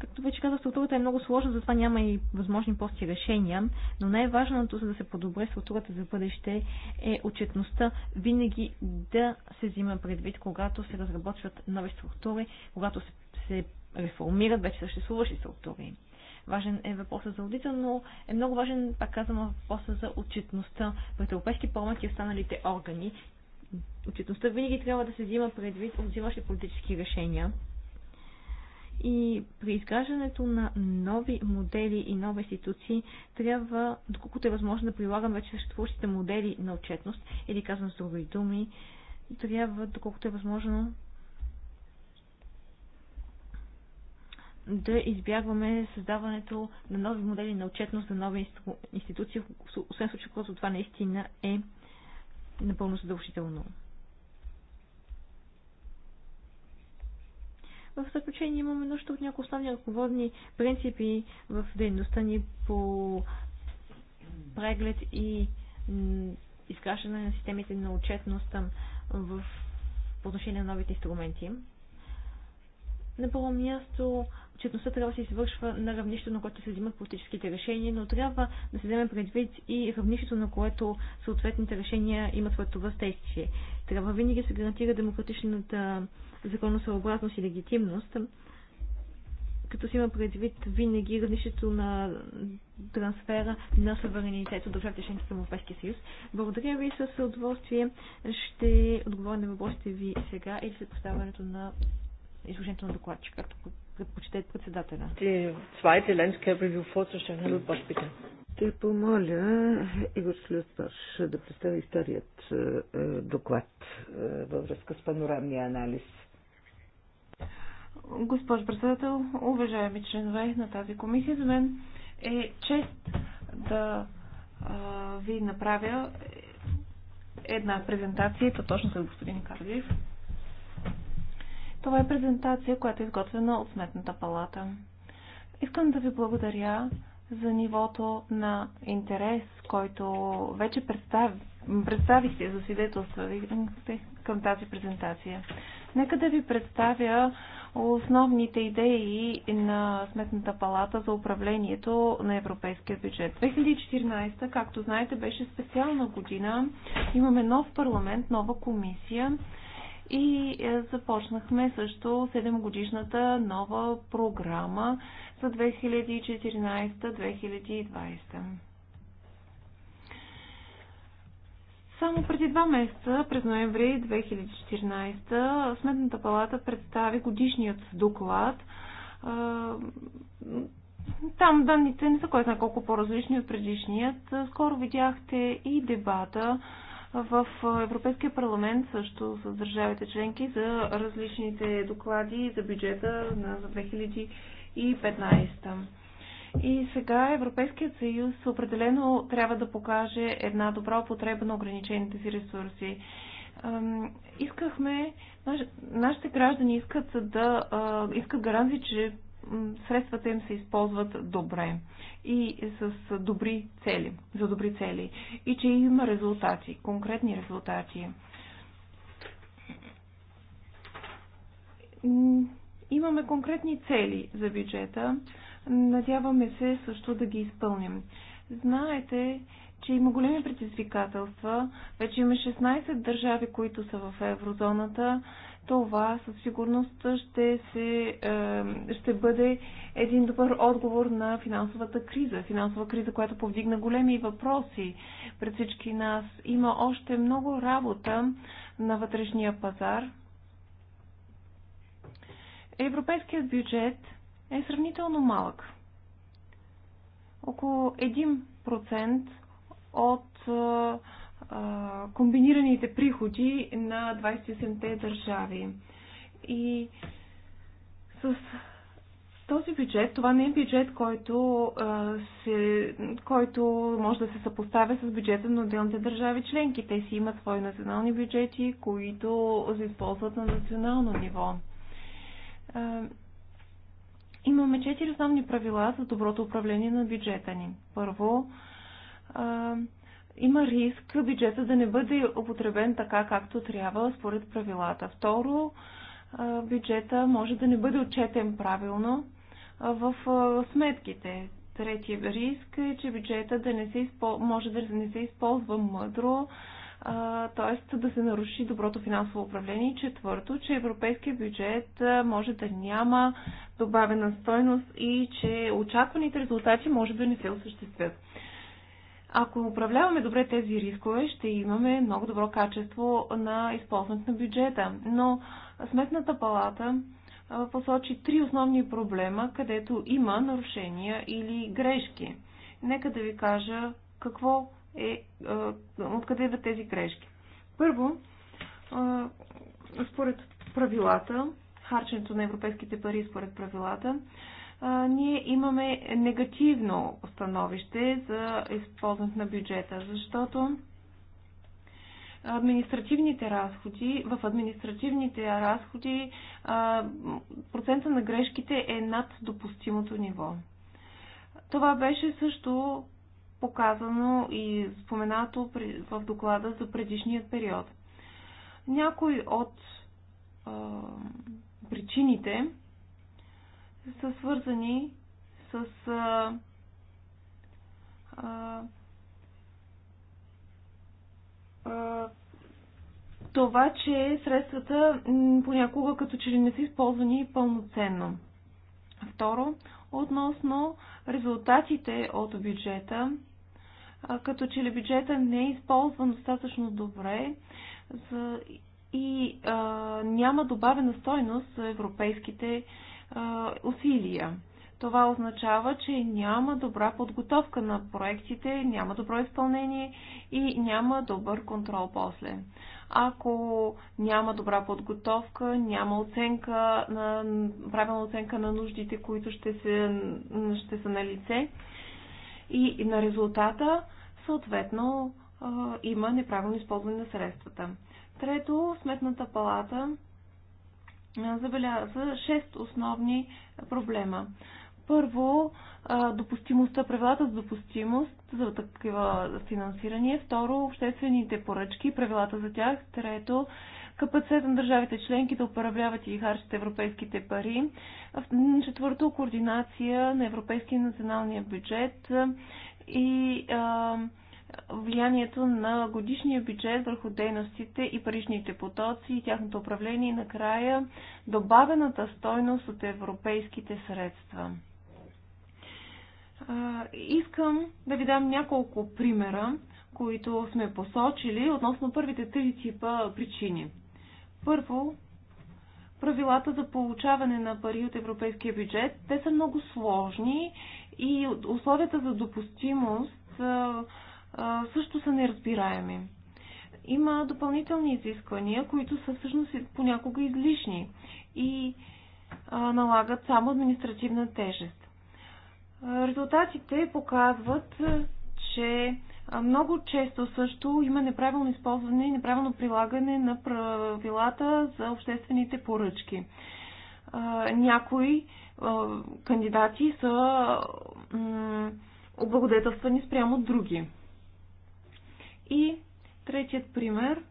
Както вече казах, структурата е много сложна, затова няма и възможни прости решения, но най-важното, за да се подобре структурата за бъдеще, е отчетността винаги да се взима предвид, когато се разработват нови структури, когато се, се реформират вече съществуващи структури. Важен е въпросът за аудита, но е много важен, пак казвам, въпросът за отчетността пред Европейски парламент и останалите органи. Отчетността винаги трябва да се взима предвид от взимащи политически решения и при изграждането на нови модели и нови институции трябва, доколкото е възможно да прилагам вече съществуващите модели на отчетност, или казвам с други думи, трябва, доколкото е възможно, да избягваме създаването на нови модели на отчетност за нови институции, освен случай, когато това наистина е напълно задължително. В заключение имаме нужда от някои основни ръководни принципи в дейността ни по преглед и изграждане на системите на отчетността в по отношение на новите инструменти. На първо място, отчетността трябва да се извършва на равнището, на което се взимат политическите решения, но трябва да се вземе предвид и равнището, на което съответните решения имат своето въздействие. Трябва винаги да се гарантира демократичната законосъобразност и легитимност, като си има предвид винаги равнището на трансфера на суверенитет от държавите членки към Европейския съюз. Благодаря ви с удоволствие. Ще отговоря на въпросите ви сега или след поставянето на изложението на докладчик, както предпочитает председателя. Zweite Landscape Review vorzustellen, Herr Lutbarsch, bitte. Ще помоля Игор Слюстбаш да представи вторият е, доклад е, във връзка с панорамния анализ. Госпожо председател, уважаеми членове на тази комисия, за мен е чест да ви направя една презентация, то точно след господин Карлиев. Това е презентация, която е изготвена от Сметната палата. Искам да ви благодаря за нивото на интерес, който вече представ... представихте за свидетелствата към тази презентация. Нека да ви представя основните идеи на Сметната палата за управлението на европейския бюджет. 2014, както знаете, беше специална година. Имаме нов парламент, нова комисия и е, започнахме също 7 годишната нова програма за 2014-2020. Само преди два месеца, през ноември 2014, Сметната палата представи годишният доклад. Там данните не са кой знае колко по-различни от предишният. Скоро видяхте и дебата в Европейския парламент също с държавите членки за различните доклади за бюджета за 2015. И сега Европейският съюз определено трябва да покаже една добра употреба на ограничените си ресурси. Искахме, нашите граждани искат да искат гаранции, че средствата им се използват добре и с добри цели, за добри цели и че има резултати, конкретни резултати. Имаме конкретни цели за бюджета. Надяваме се също да ги изпълним. Знаете, че има големи предизвикателства. Вече има 16 държави, които са в еврозоната. Това със сигурност ще, се, е, ще бъде един добър отговор на финансовата криза. Финансова криза, която повдигна големи въпроси пред всички нас. Има още много работа на вътрешния пазар. Европейският бюджет – е сравнително малък. Около 1% от а, а, комбинираните приходи на 27-те държави. И с този бюджет, това не е бюджет, който, а, се, който може да се съпоставя с бюджета на отделните държави членки. Те си имат свои национални бюджети, които се използват на национално ниво. Имаме четири основни правила за доброто управление на бюджета ни. Първо, а, има риск бюджета да не бъде употребен така, както трябва, според правилата. Второ, а, бюджета може да не бъде отчетен правилно а, в а, сметките. Третия риск е, че бюджета да не се изпол... може да не се използва мъдро, т.е. да се наруши доброто финансово управление. четвърто, че европейския бюджет може да няма добавена стойност и че очакваните резултати може да не се осъществят. Ако управляваме добре тези рискове, ще имаме много добро качество на използването на бюджета. Но Сметната палата посочи три основни проблема, където има нарушения или грешки. Нека да ви кажа какво е, откъде идват тези грешки. Първо, според правилата, харченето на европейските пари според правилата, ние имаме негативно становище за използването на бюджета, защото административните разходи, в административните разходи процента на грешките е над допустимото ниво. Това беше също показано и споменато в доклада за предишният период. Някои от а, причините са свързани с а, а, а, това, че средствата понякога като че ли не са използвани пълноценно. Второ, относно резултатите от бюджета като че ли бюджета не е използван достатъчно добре за, и а, няма добавена стойност за европейските а, усилия. Това означава, че няма добра подготовка на проектите, няма добро изпълнение и няма добър контрол после. Ако няма добра подготовка, няма оценка на, правилна оценка на нуждите, които ще, се, ще са на лице, и на резултата съответно има неправилно използване на средствата. Трето, Сметната палата забеляза 6 основни проблема. Първо, допустимостта, правилата за допустимост за такива финансиране. Второ, обществените поръчки, правилата за тях. Трето, капацитета на държавите членки да управляват и харчат европейските пари. Четвърто, координация на европейския националния бюджет и а, влиянието на годишния бюджет върху дейностите и паричните потоци и тяхното управление и накрая добавената стойност от европейските средства. Искам да ви дам няколко примера, които сме посочили относно първите три типа причини. Първо, правилата за получаване на пари от европейския бюджет, те са много сложни и условията за допустимост също са неразбираеми. Има допълнителни изисквания, които са всъщност понякога излишни и налагат само административна тежест. Резултатите показват, че много често също има неправилно използване и неправилно прилагане на правилата за обществените поръчки. Някои кандидати са облагодетелствани спрямо други. И третият пример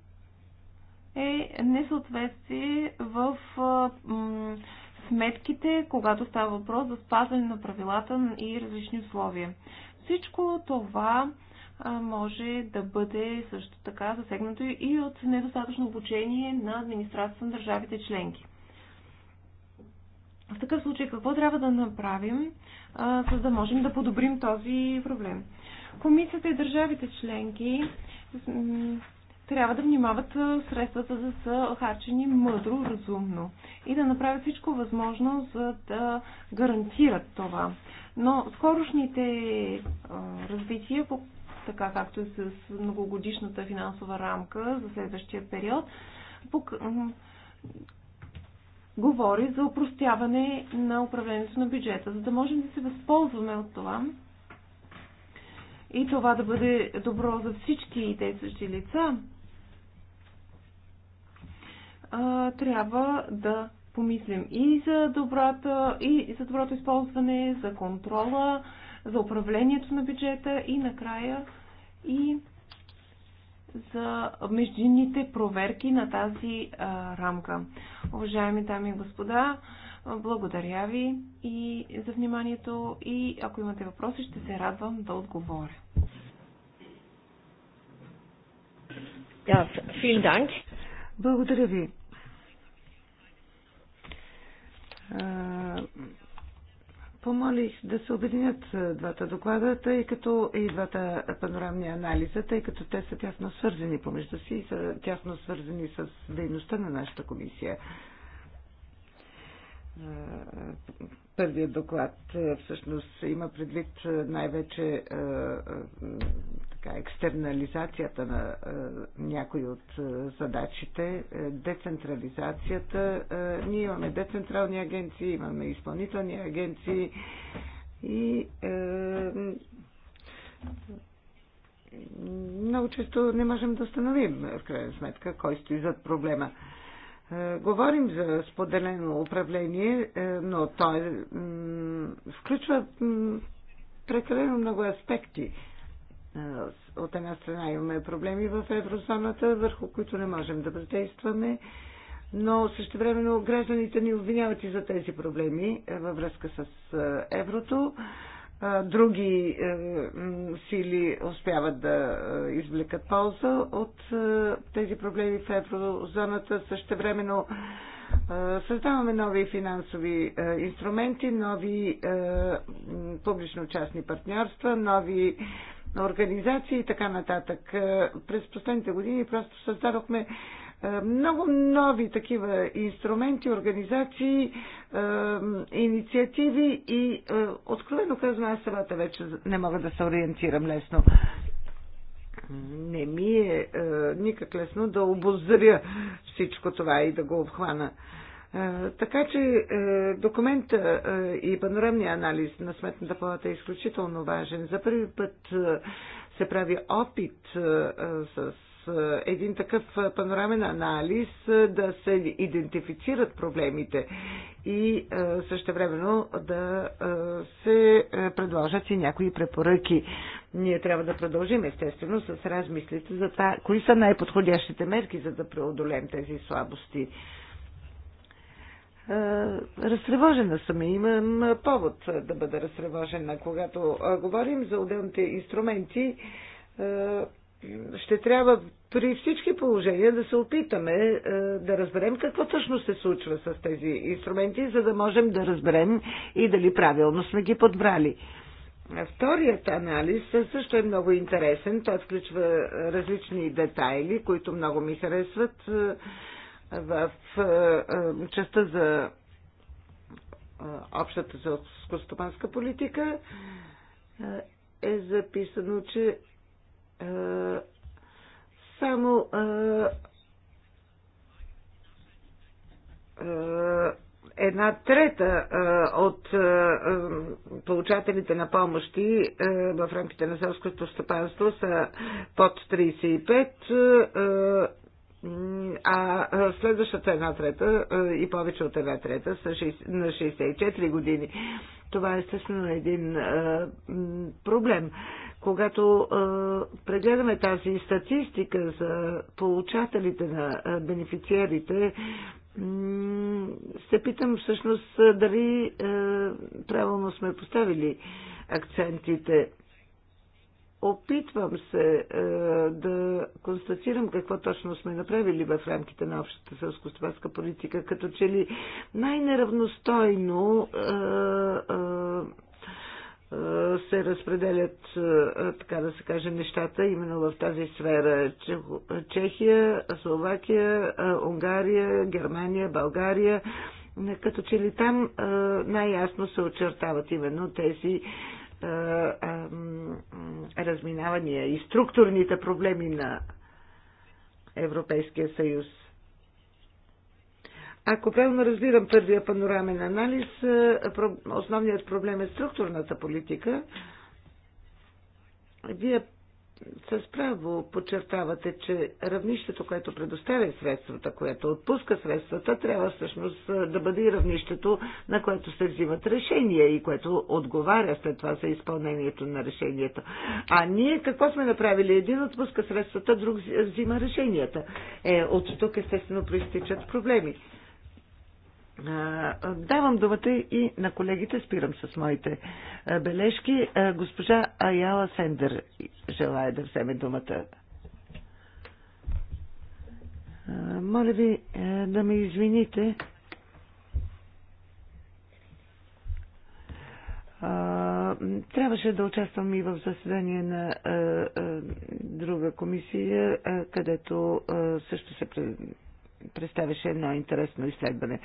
е несъответствие в сметките, когато става въпрос за спазване на правилата и различни условия. Всичко това може да бъде също така засегнато и от недостатъчно обучение на администрацията на държавите членки. В такъв случай какво трябва да направим, за да можем да подобрим този проблем? Комисията и държавите членки трябва да внимават средствата да са харчени мъдро, разумно и да направят всичко възможно, за да гарантират това. Но скорошните развития така както и с многогодишната финансова рамка за следващия период, говори за упростяване на управлението на бюджета, за да можем да се възползваме от това и това да бъде добро за всички действащи лица, трябва да помислим и за добрата, и за доброто използване, за контрола, за управлението на бюджета и накрая и за междинните проверки на тази а, рамка. Уважаеми дами и господа, благодаря ви и за вниманието и ако имате въпроси, ще се радвам да отговоря. Благодаря ви помолих да се объединят двата доклада, тъй като и двата панорамни анализа, тъй като те са тясно свързани помежду си и са тясно свързани с дейността на нашата комисия. Първият доклад всъщност има предвид най-вече така, екстернализацията на е, някои от е, задачите, е, децентрализацията. Е, ние имаме децентрални агенции, имаме изпълнителни агенции и е, много често не можем да установим, в крайна сметка, кой стои зад проблема. Е, говорим за споделено управление, е, но то е, включва прекалено много аспекти от една страна имаме проблеми в еврозоната, върху които не можем да въздействаме, но същевременно гражданите ни обвиняват и за тези проблеми във връзка с еврото. Други сили успяват да извлекат полза от тези проблеми в еврозоната. Същевременно създаваме нови финансови инструменти, нови публично-частни партньорства, нови на организации и така нататък. Е, през последните години просто създадохме е, много нови такива инструменти, организации, е, инициативи и откровено казвам, аз самата вече не мога да се ориентирам лесно. Не ми е, никак лесно да обозря всичко това и да го обхвана. Е, така че е, документа е, и панорамния анализ на Сметната палата е изключително важен. За първи път се прави опит с един такъв панорамен анализ да се идентифицират проблемите и същевременно да се предложат и някои препоръки. Ние трябва да продължим естествено с размислите за това, кои са най-подходящите мерки, за да преодолем тези слабости. Е, разтревожена съм и имам повод да бъда разтревожена. Когато е, говорим за отделните инструменти, е, ще трябва при всички положения да се опитаме да разберем какво точно се случва с тези инструменти, за да можем да разберем и дали правилно сме ги подбрали. Вторият анализ също е много интересен. Той включва различни детайли, които много ми харесват в е, е, частта за е, общата селско-стопанска политика е записано, че само една трета от получателите на помощи в рамките на селското стопанство са под 35 а следващата една трета и повече от една трета са на 64 години. Това е естествено един проблем. Когато прегледаме тази статистика за получателите на бенефициерите, се питам всъщност дали правилно сме поставили акцентите Опитвам се е, да констатирам какво точно сме направили в рамките на общата селско-стопанска политика, като че ли най-неравностойно е, е, е се разпределят, е, така да се каже, нещата именно в тази сфера. Чехия, Словакия, е, Унгария, Германия, България. Е, като че ли там е, най-ясно се очертават именно тези е, разминавания и структурните проблеми на Европейския съюз. Ако правилно разбирам първия панорамен анализ, е, основният проблем е структурната политика. Вие с право подчертавате, че равнището, което предоставя средствата, което отпуска средствата, трябва всъщност да бъде и равнището, на което се взимат решения и което отговаря след това за изпълнението на решението. А ние какво сме направили? Един отпуска средствата, друг взима решенията. Е, от тук естествено проистичат проблеми. Давам думата и на колегите, спирам с моите бележки. Госпожа Аяла Сендер желая да вземе думата. Моля ви да ме извините. Трябваше да участвам и в заседание на друга комисия, където също се представяше едно интересно изследване.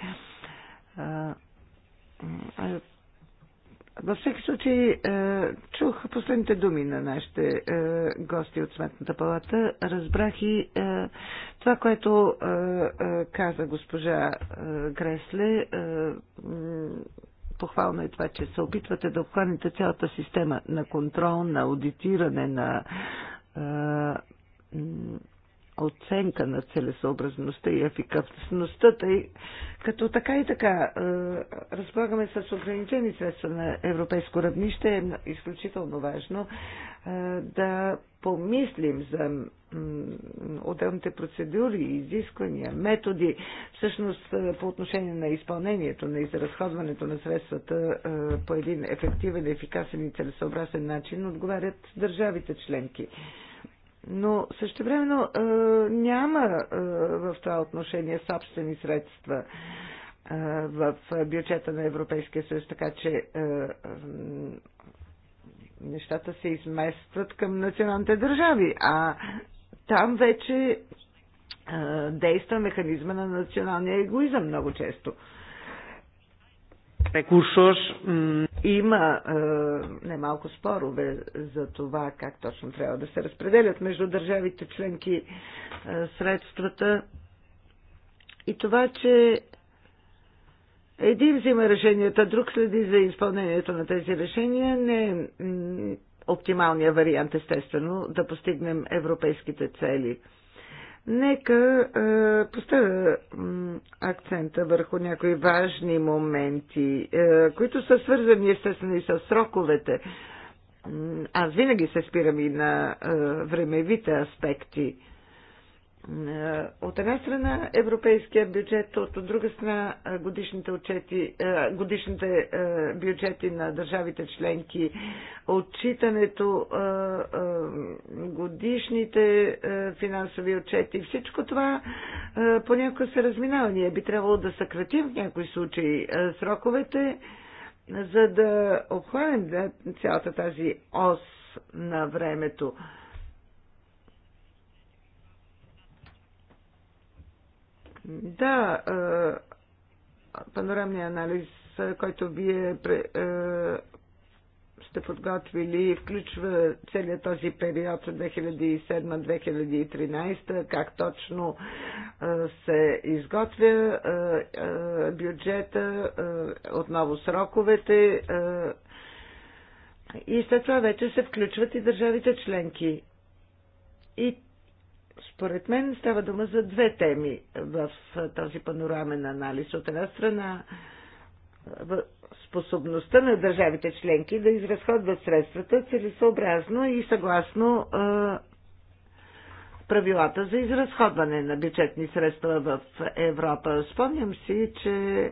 Във всеки случай, чух последните думи на нашите гости от Сметната палата. Разбрах и това, което каза госпожа Гресле. Похвално е това, че се опитвате да обхванете цялата система на контрол, на аудитиране, на оценка на целесообразността и ефикасността, тъй като така и така е, разполагаме с ограничени средства на европейско равнище, е изключително важно е, да помислим за отделните процедури, изисквания, методи. Всъщност е, по отношение на изпълнението, на изразходването на средствата е, по един ефективен, ефикасен и целесообразен начин отговарят държавите членки но същевременно е, няма е, в това отношение собствени средства е, в бюджета на Европейския съюз, така че е, е, нещата се изместват към националните държави, а там вече е, действа механизма на националния егоизъм много често. Рекурсос има е, немалко спорове за това как точно трябва да се разпределят между държавите членки е, средствата и това, че един взима решенията, друг следи за изпълнението на тези решения, не е оптималният вариант, естествено, да постигнем европейските цели – Нека е, поставя акцента върху някои важни моменти, е, които са свързани естествено и с сроковете. Аз винаги се спирам и на е, времевите аспекти. Е, от една страна европейския бюджет, от друга страна е, годишните, отчети, е, годишните бюджети на държавите членки, отчитането, годишните финансови отчети, всичко това понякога се разминава. Ние би трябвало да съкратим в някои случаи сроковете, за да обхванем цялата тази ос на времето. Да, е, панорамния анализ, е, който вие е, сте подготвили, включва целият този период от 2007-2013, как точно се изготвя бюджета, отново сроковете и след това вече се включват и държавите членки. И според мен става дума за две теми в този панорамен анализ. От една страна способността на държавите членки да изразходват средствата целесообразно и съгласно правилата за изразходване на бюджетни средства в Европа. Спомням си, че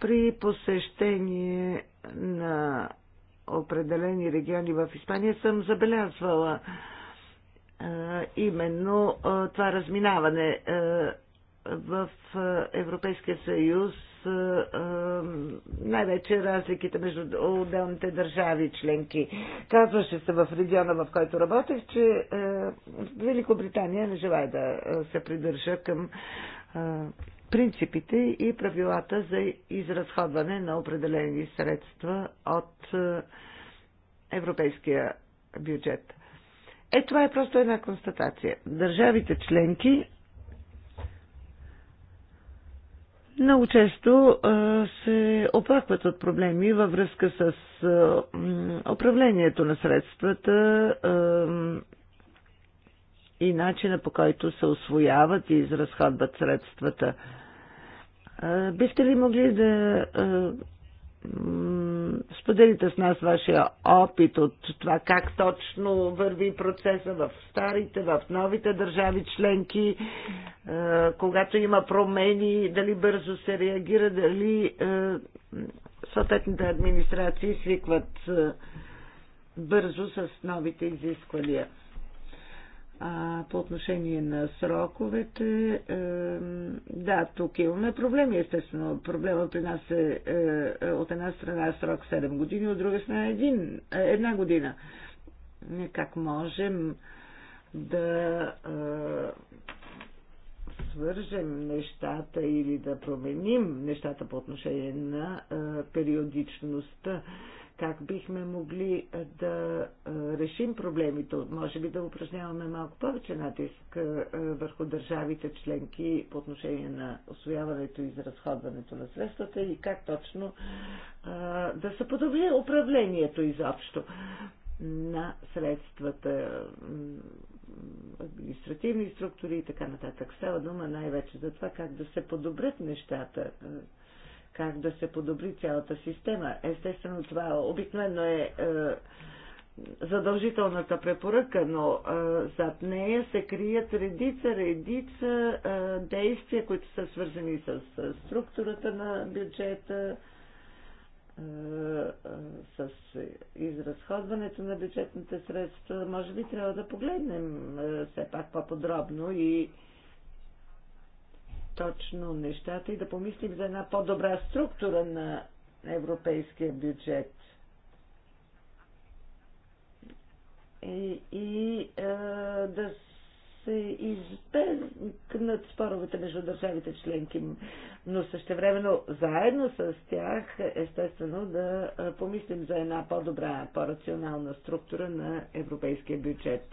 при посещение на определени региони в Испания съм забелязвала именно това разминаване в Европейския съюз, най-вече разликите между отделните държави членки. Казваше се в региона, в който работех, че Великобритания не желая да се придържа към принципите и правилата за изразходване на определени средства от европейския бюджет. Е, това е просто една констатация. Държавите членки много често се оплакват от проблеми във връзка с управлението на средствата и начина по който се освояват и изразходват средствата. Бихте ли могли да споделите с нас вашия опит от това как точно върви процеса в старите, в новите държави членки, е, когато има промени, дали бързо се реагира, дали е, съответните администрации свикват е, бързо с новите изисквания. А по отношение на сроковете, да, тук имаме проблеми, естествено. Проблема при нас е, е от една страна е срок 7 години, от друга страна е един, една година. Как можем да свържем нещата или да променим нещата по отношение на периодичността? как бихме могли да решим проблемите, може би да упражняваме малко повече натиск върху държавите членки по отношение на освояването и изразходването на средствата и как точно да се подобри управлението изобщо на средствата, административни структури и така нататък. Става дума най-вече за това как да се подобрят нещата, как да се подобри цялата система. Естествено, това обикновено е, е задължителната препоръка, но е, зад нея се крият редица, редица е, действия, които са свързани с, с структурата на бюджета, е, е, с изразходването на бюджетните средства, може би трябва да погледнем е, все пак по-подробно и точно нещата и да помислим за една по-добра структура на европейския бюджет. И, и е, да се избегнат споровете между държавите членки, но същевременно заедно с тях, естествено, да е, помислим за една по-добра, по-рационална структура на европейския бюджет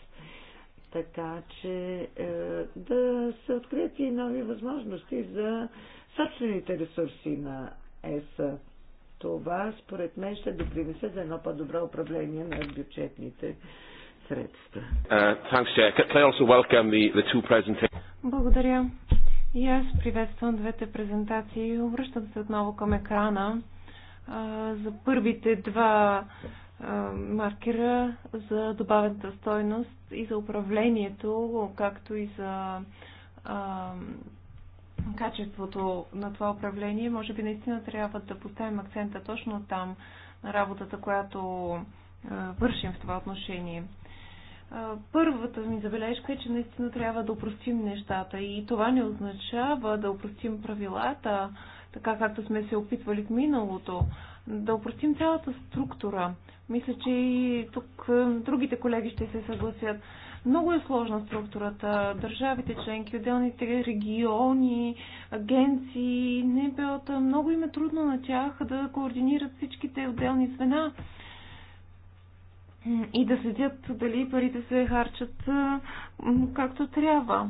така че е, да се открият и нови възможности за собствените ресурси на ЕС. Това, според мен, ще допринесе за едно по-добро управление на бюджетните средства. Е, Благодаря. И аз приветствам двете презентации. Обръщам се отново към екрана. Е, за първите два маркера за добавената стойност и за управлението, както и за а, качеството на това управление. Може би наистина трябва да поставим акцента точно там на работата, която а, вършим в това отношение. А, първата ми забележка е, че наистина трябва да упростим нещата и това не означава да упростим правилата, така както сме се опитвали в миналото да упростим цялата структура. Мисля, че и тук другите колеги ще се съгласят. Много е сложна структурата. Държавите членки, отделните региони, агенции, нпо много им е трудно на тях да координират всичките отделни звена и да следят дали парите се харчат както трябва.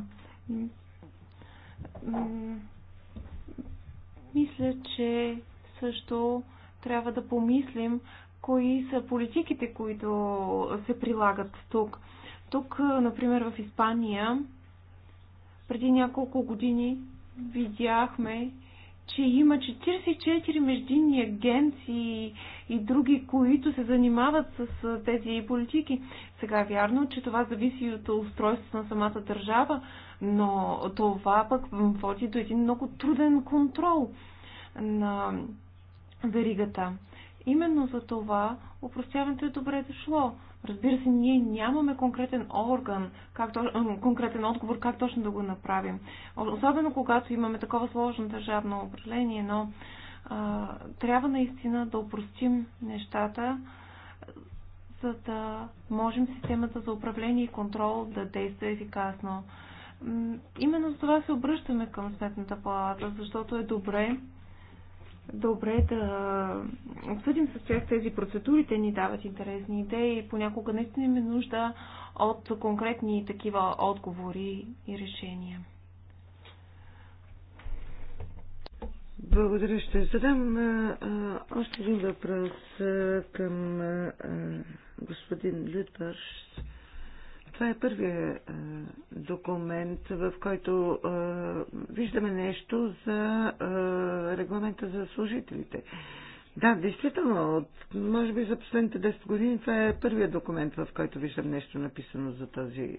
Мисля, че също трябва да помислим кои са политиките, които се прилагат тук. Тук, например, в Испания, преди няколко години видяхме, че има 44 междинни агенции и други, които се занимават с тези политики. Сега е вярно, че това зависи от устройството на самата държава, но това пък води до един много труден контрол на веригата. Именно за това упростяването е добре дошло. Разбира се, ние нямаме конкретен орган, как, конкретен отговор как точно да го направим. Особено когато имаме такова сложно държавно управление, но а, трябва наистина да упростим нещата, за да можем системата за управление и контрол да действа ефикасно. Именно за това се обръщаме към Сметната палата, защото е добре добре да обсъдим с тях тези процедури. Те ни дават интересни идеи и понякога наистина има нужда от конкретни такива отговори и решения. Благодаря. Ще задам а, а, още един въпрос а, към а, господин Лютварш. Това е първият е, документ, в който а, е, виждаме нещо за а, е, регламента за служителите. Да, действително, от, може би за последните 10 години това е първият документ, в който виждам нещо написано за този е,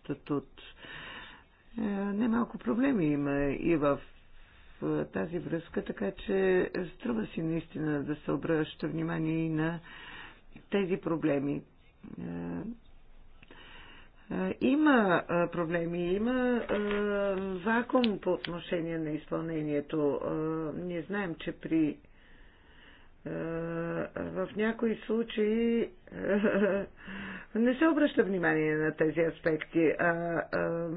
статут. Е, немалко проблеми има и в в тази връзка, така че струва си наистина да се обръща внимание и на тези проблеми има проблеми, има вакуум по отношение на изпълнението. Ние знаем, че при в някои случаи не се обръща внимание на тези аспекти. А, а,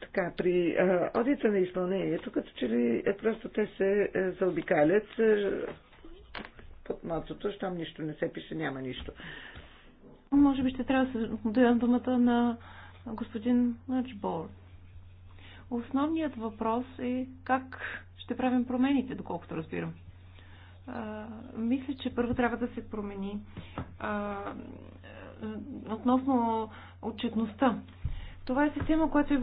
така, при а, одита на изпълнението, като че ли е, просто те се е, заобикалят е, под мотото, щом нищо не се пише, няма нищо. Може би ще трябва да се дадем думата на господин Начбор. Основният въпрос е как ще правим промените, доколкото разбирам. А, мисля, че първо трябва да се промени а, относно отчетността. Това е система, която е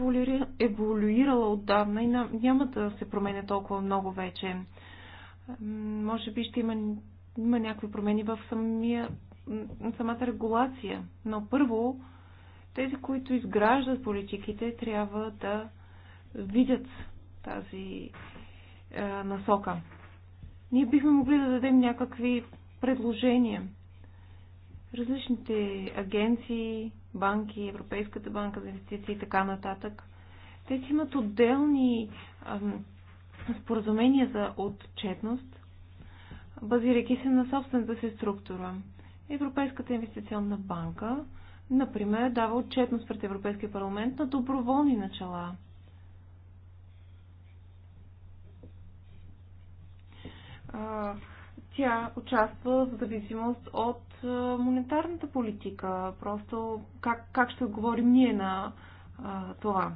еволюирала отдавна и няма да се променя толкова много вече. Може би ще има, има някакви промени в самия самата регулация. Но първо, тези, които изграждат политиките, трябва да видят тази е, насока. Ние бихме могли да дадем някакви предложения. Различните агенции, банки, Европейската банка за инвестиции и така нататък, те си имат отделни е, споразумения за отчетност, базирайки се на собствената си структура. Европейската инвестиционна банка, например, дава отчетност пред Европейския парламент на доброволни начала. Тя участва в зависимост от монетарната политика. Просто как, как ще отговорим ние на а, това?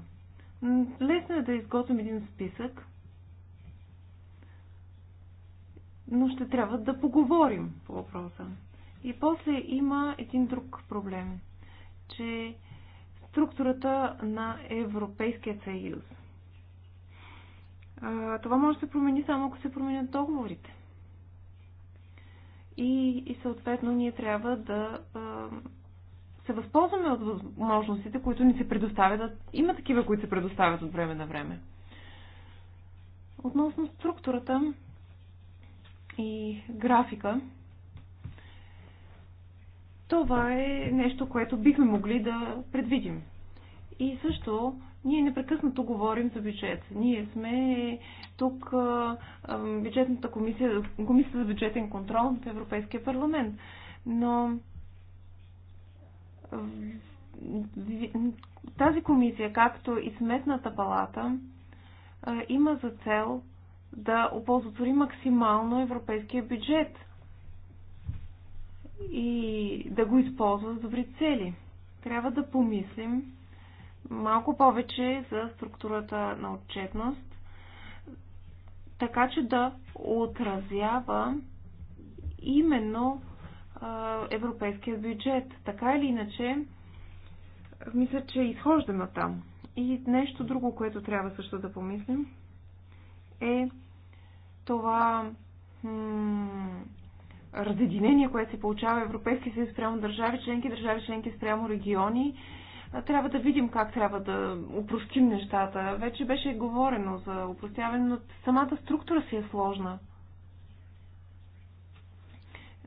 Лесно е да изготвим един списък, но ще трябва да поговорим по въпроса. И после има един друг проблем, че структурата на Европейския съюз. Това може да се промени само ако се променят договорите. И, и съответно ние трябва да а, се възползваме от възможностите, които ни се предоставят. Има такива, които се предоставят от време на време. Относно структурата и графика, това е нещо, което бихме могли да предвидим. И също ние непрекъснато говорим за бюджет. Ние сме тук бюджетната комисия, комисията за бюджетен контрол в Европейския парламент. Но тази комисия, както и сметната палата, има за цел да оползотвори максимално европейския бюджет – и да го използва с добри цели. Трябва да помислим малко повече за структурата на отчетност, така че да отразява именно европейския бюджет. Така или иначе, мисля, че изхождаме там. И нещо друго, което трябва също да помислим, е това разединение, което се получава Европейски съюз спрямо държави членки, държави членки спрямо региони. Трябва да видим как трябва да упростим нещата. Вече беше говорено за упростяване, но самата структура си е сложна.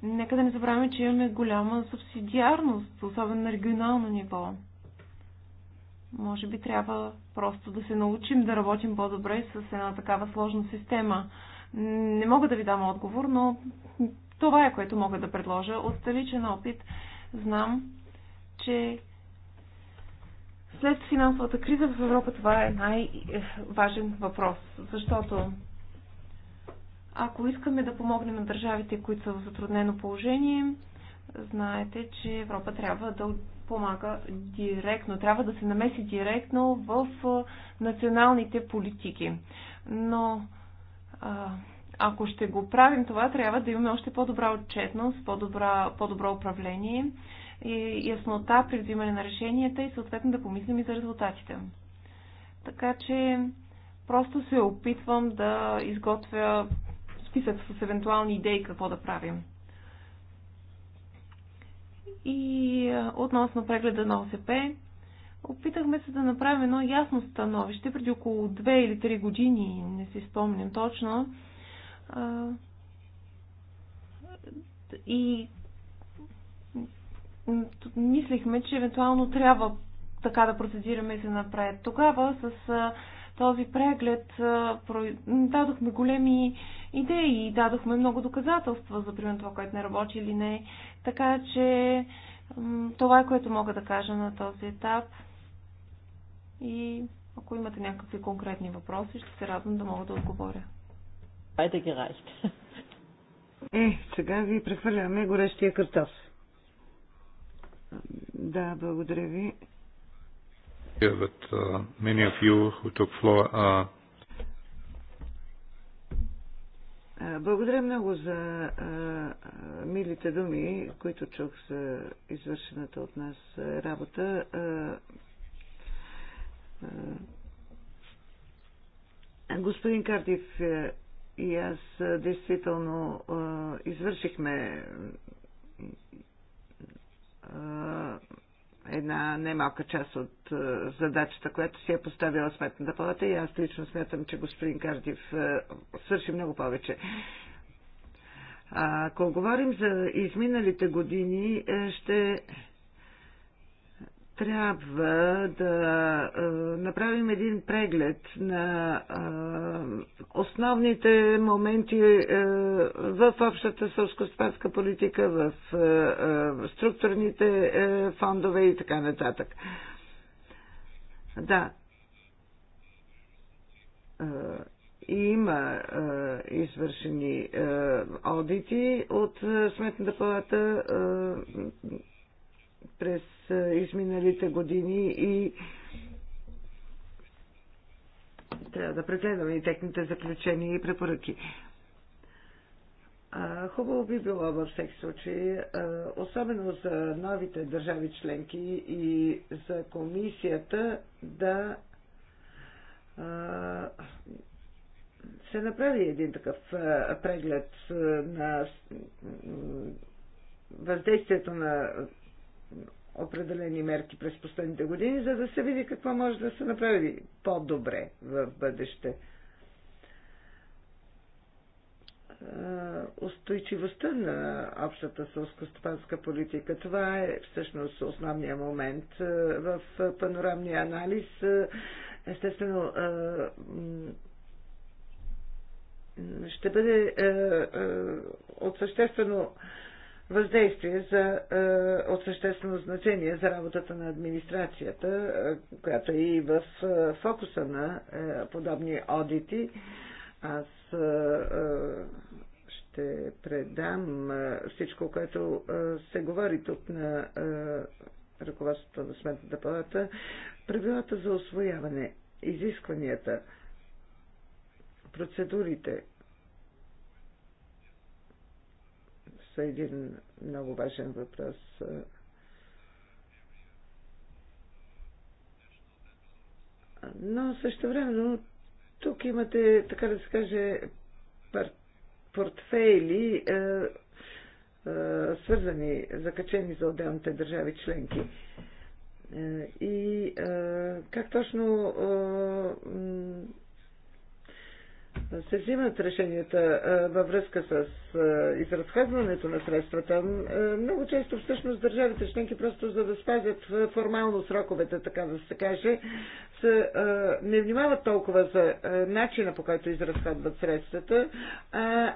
Нека да не забравяме, че имаме голяма субсидиарност, особено на регионално ниво. Може би трябва просто да се научим да работим по-добре с една такава сложна система. Не мога да ви дам отговор, но това е което мога да предложа. От личен опит знам, че след финансовата криза в Европа това е най-важен въпрос, защото ако искаме да помогнем на държавите, които са в затруднено положение, знаете, че Европа трябва да помага директно, трябва да се намеси директно в националните политики. Но а, ако ще го правим това, трябва да имаме още по-добра отчетност, по-добра, по-добро управление и яснота при взимане на решенията и съответно да помислим и за резултатите. Така че просто се опитвам да изготвя списък с евентуални идеи какво да правим. И относно прегледа на ОСП, опитахме се да направим едно ясно становище преди около 2 или 3 години, не си спомням точно, и мислихме, че евентуално трябва така да процедираме и се направят. Тогава с този преглед дадохме големи идеи и дадохме много доказателства за примерно това, което не работи или не. Така че това е което мога да кажа на този етап. И ако имате някакви конкретни въпроси, ще се радвам да мога да отговоря. Weitergereicht. Е, сега ви прехвърляме горещия картоф. Да, благодаря ви. That, uh, many of you who took floor are uh, Благодаря много за а, милите думи, които чух за извършената от нас работа. А, а, господин Кардив е, и аз действително извършихме една немалка част от задачата, която си е поставила сметната палата и аз лично смятам, че господин Кардив свърши много повече. Ако говорим за изминалите години, ще трябва да а, направим един преглед на а, основните моменти а, в общата сълскостопанска политика, в а, а, структурните а, фондове и така нататък. Да. А, има а, извършени а, одити от Сметната палата. А, през изминалите години и трябва да прегледаме и техните заключения и препоръки. Хубаво би било във всеки случай, особено за новите държави членки и за комисията да се направи един такъв преглед на въздействието на определени мерки през последните години, за да се види какво може да се направи по-добре в бъдеще. Е, устойчивостта на общата сълскостопанска политика. Това е всъщност основният момент е, в панорамния анализ. Е, естествено, ще бъде от съществено въздействие за, е, от съществено значение за работата на администрацията, е, която е и в е, фокуса на е, подобни одити. Аз е, е ще предам е, всичко, което е, се говори тук на е, ръководството на Сметната палата. Правилата за освояване, изискванията, процедурите, са един много важен въпрос. Но също времено тук имате, така да се каже, портфейли, е, е, свързани, закачени за отделните държави членки. Е, и е, как точно е, се взимат решенията във връзка с изразходването на средствата. Много често всъщност държавите членки просто за да спазят формално сроковете, така да се каже, се, не внимават толкова за начина по който изразходват средствата, а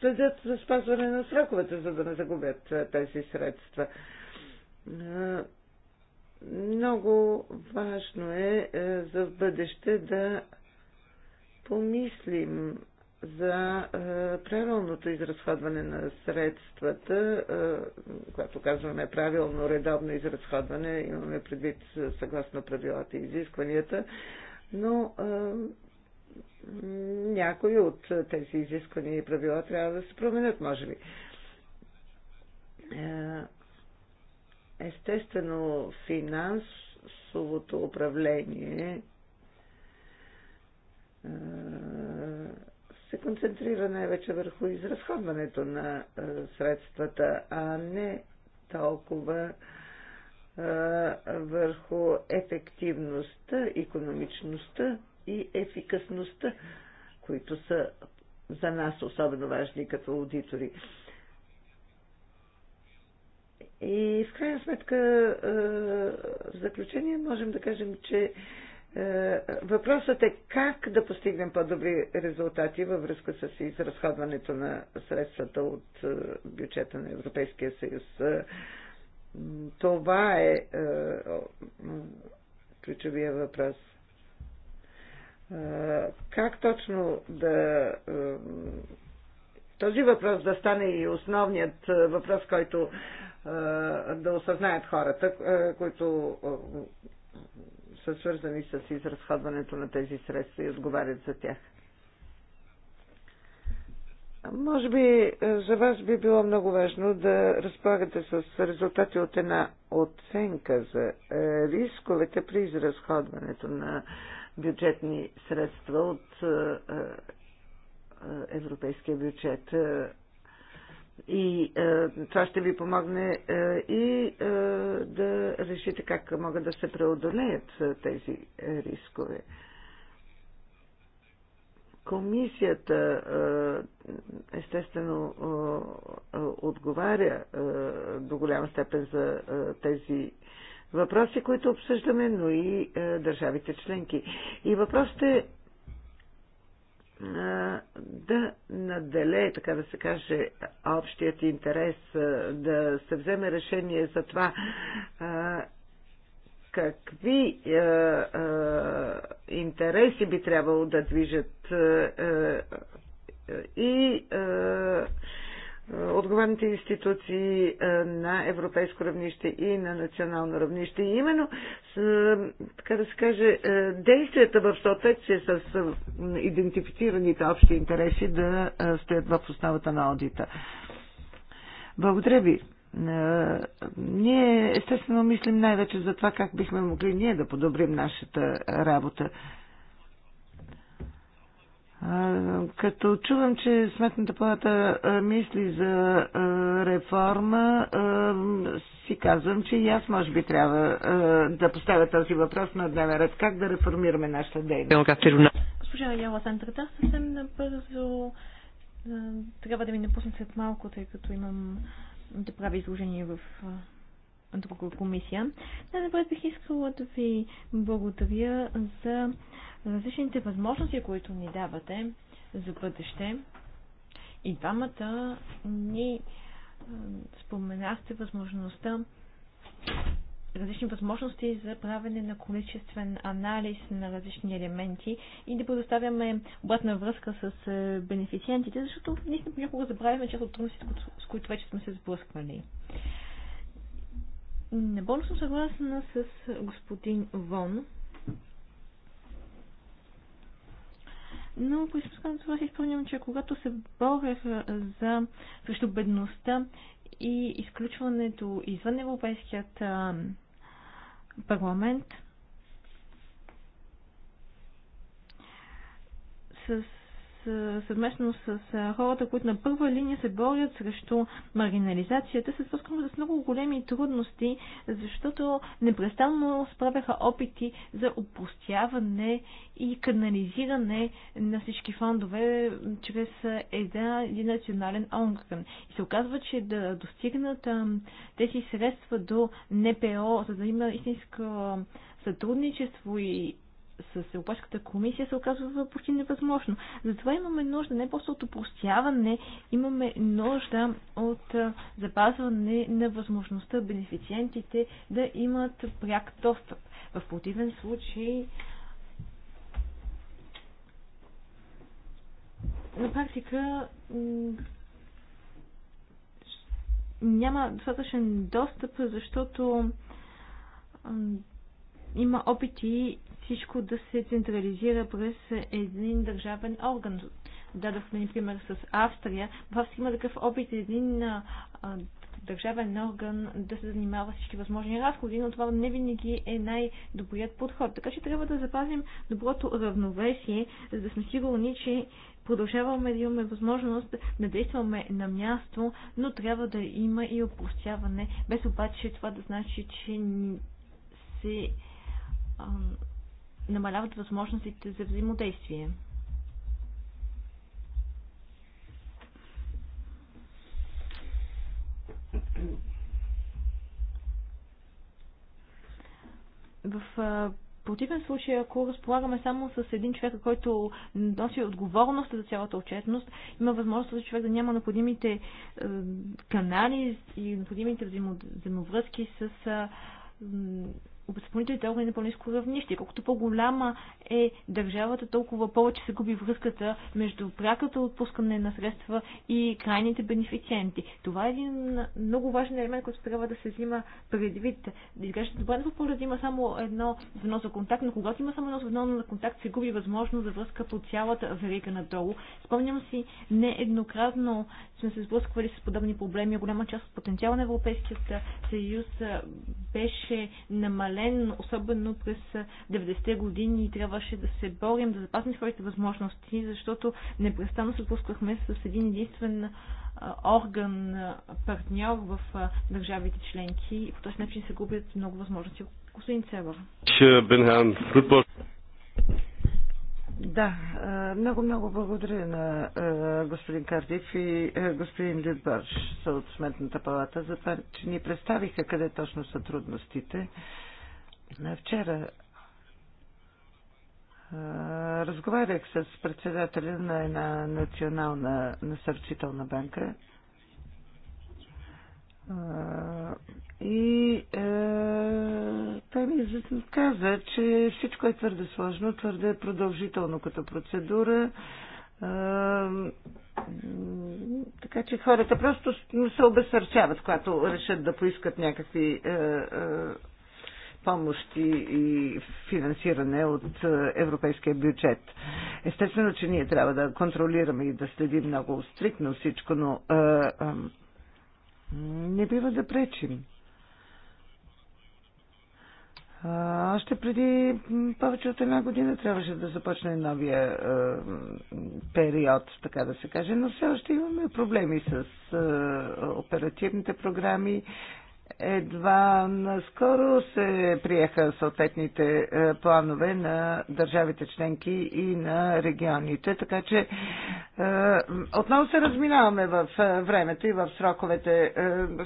следят за спазване на сроковете, за да не загубят тези средства. Много важно е, е за бъдеще да помислим за правилното изразходване на средствата, когато казваме правилно, редовно изразходване, имаме предвид съгласно правилата и изискванията, но някои от тези изисквания и правила трябва да се променят, може би. Естествено, финансовото управление е, се концентрира най-вече върху изразходването на е, средствата, а не толкова е, върху ефективността, економичността и ефикасността, които са за нас особено важни като аудитори. И в крайна сметка, в заключение можем да кажем, че е, въпросът е как да постигнем по-добри резултати във връзка с изразходването на средствата от е, бюджета на Европейския съюз. Е, това е ключовия въпрос. Как точно да. Този въпрос да стане и основният въпрос, който да осъзнаят хората, които са свързани с изразходването на тези средства и отговарят за тях. Може би е, за вас би било много важно да разполагате с резултати от една оценка за е, рисковете при изразходването на бюджетни средства от е, европейския бюджет. И е, това ще ви помогне е, и е, да решите как могат да се преодолеят е, тези е, рискове. Комисията е, естествено е, е отговаря е, до голяма степен за е, тези въпроси, които обсъждаме, но и е, държавите членки. И въпросът е да наделее, така да се каже, общият интерес, да се вземе решение за това какви интереси би трябвало да движат и отговорните институции на европейско равнище и на национално равнище. И именно, така да се каже, действията в съответствие с идентифицираните общи интереси да стоят в основата на аудита. Благодаря ви. Ние естествено мислим най-вече за това как бихме могли ние да подобрим нашата работа. Като чувам, че Сметната палата мисли за реформа, си казвам, че и аз може би трябва да поставя този въпрос на дневен ред. Как да реформираме нашата дейност? Госпожа Яла Сантрата, съвсем набързо трябва да ми напусна след малко, тъй като имам да правя изложение в друга комисия. Най-напред бих искала да ви благодаря за различните възможности, които ни давате за бъдеще. И двамата ни споменахте възможността различни възможности за правене на количествен анализ на различни елементи и да предоставяме обратна връзка с бенефициентите, защото ние понякога забравяме част от трудностите, с които вече сме се сблъсквали. Не болно съм съгласна с господин Вон. Но по изпускане това си спомням, че когато се борех за, срещу бедността и изключването извън Европейският а, парламент, с съвместно с хората, които на първа линия се борят срещу маргинализацията, се сблъскваме с много големи трудности, защото непрестанно справяха опити за опустяване и канализиране на всички фондове чрез една, един национален орган. И се оказва, че да достигнат тези средства до НПО, за да има истинско сътрудничество и с Европейската комисия се оказва почти невъзможно. Затова имаме нужда не просто от упростяване, имаме нужда от запазване на възможността бенефициентите да имат пряк достъп. В противен случай на практика няма достатъчен достъп, защото има опити всичко да се централизира през един държавен орган. Дадохме ни пример с Австрия. В Австрия има такъв опит един а, държавен орган да се занимава всички възможни разходи, но това не винаги е най-добрият подход. Така че трябва да запазим доброто равновесие, за да сме сигурни, че продължаваме да имаме възможност да действаме на място, но трябва да има и опростяване, без обаче това да значи, че се намаляват възможностите за взаимодействие. В противен случай, ако разполагаме само с един човек, който носи отговорност за цялата отчетност, има възможност за човек да няма необходимите канали и необходимите взаимовръзки с изпълнителните органи на по-низко равнище. Колкото по-голяма е държавата, толкова повече се губи връзката между пряката отпускане на средства и крайните бенефициенти. Това е един много важен елемент, който трябва да се взима предвид. Да изглежда добре на по да има само едно звено за контакт, но когато има само едно звено на контакт, се губи възможност за връзка по цялата верига надолу. Спомням си, нееднократно сме се сблъсквали с подобни проблеми. Голяма част от потенциала на Европейския съюз беше намален намален, особено през 90-те години и трябваше да се борим, да запазим своите възможности, защото непрестанно се пускахме с един единствен орган, партньор в държавите членки и по този начин се губят много възможности. Господин Цевър. Да, много-много благодаря на господин Кардив и господин Лидбърш от Сметната палата за това, че ни представиха къде точно са трудностите Вчера разговарях с председателя на една национална насърчителна банка и е, той ми каза, че всичко е твърде сложно, твърде продължително като процедура. така че хората просто се обесърчават, когато решат да поискат някакви е, е помощи и финансиране от е, европейския бюджет. Естествено, че ние трябва да контролираме и да следим много стрикно всичко, но а, е, а, е, не бива да пречим. Още преди повече от една година трябваше да започне новия а, период, така да се каже, но все още имаме проблеми с а, оперативните програми, едва наскоро се приеха съответните е, планове на държавите членки и на регионите, така че е, отново се разминаваме в е, времето и в сроковете.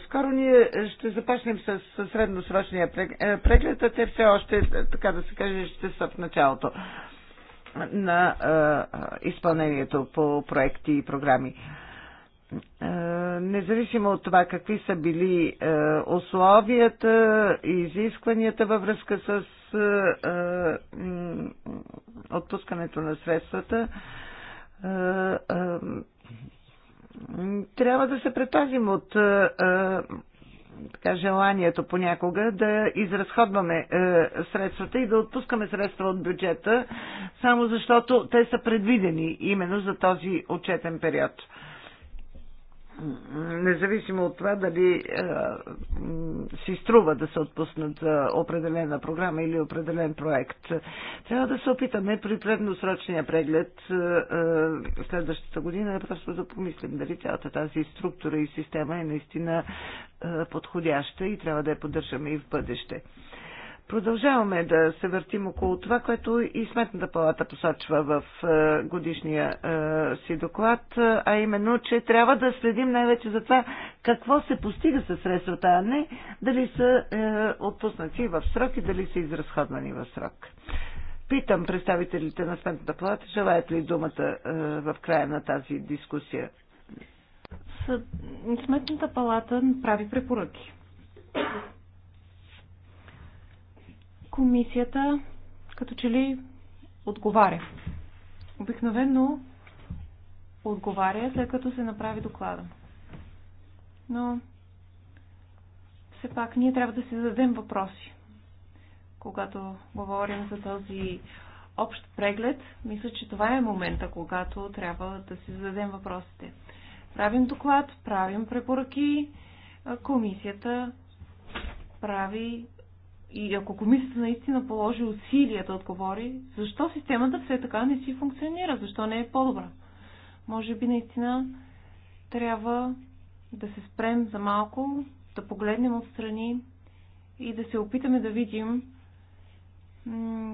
Скоро ние ще започнем с средносрочния преглед, а те все още, така да се каже, ще са в началото на изпълнението по проекти и програми. Е, независимо от това какви са били е, условията и изискванията във връзка с е, отпускането на средствата, трябва да се предпазим от така, желанието понякога да изразходваме е, средствата и да отпускаме средства от бюджета, само защото те са предвидени именно за този отчетен период независимо от това дали а, е, си струва да се отпуснат за определена програма или определен проект. Трябва да се опитаме при предносрочния преглед а, е, е, следващата година просто да помислим дали цялата тази структура и система е наистина а, подходяща и трябва да я поддържаме и в бъдеще. Продължаваме да се въртим около това, което и Сметната палата посочва в е, годишния е, си доклад, а именно, че трябва да следим най-вече за това какво се постига със средствата, а не дали са е, отпуснати в срок и дали са изразходвани в срок. Питам представителите на Сметната палата, желаят ли думата в края на тази дискусия? Сметната палата прави препоръки комисията като че ли отговаря. Обикновено отговаря след като се направи доклада. Но все пак ние трябва да си зададем въпроси. Когато говорим за този общ преглед, мисля, че това е момента, когато трябва да си зададем въпросите. Правим доклад, правим препоръки, комисията прави и ако комисията наистина положи усилия да отговори, защо системата все така не си функционира? Защо не е по-добра? Може би наистина трябва да се спрем за малко, да погледнем отстрани и да се опитаме да видим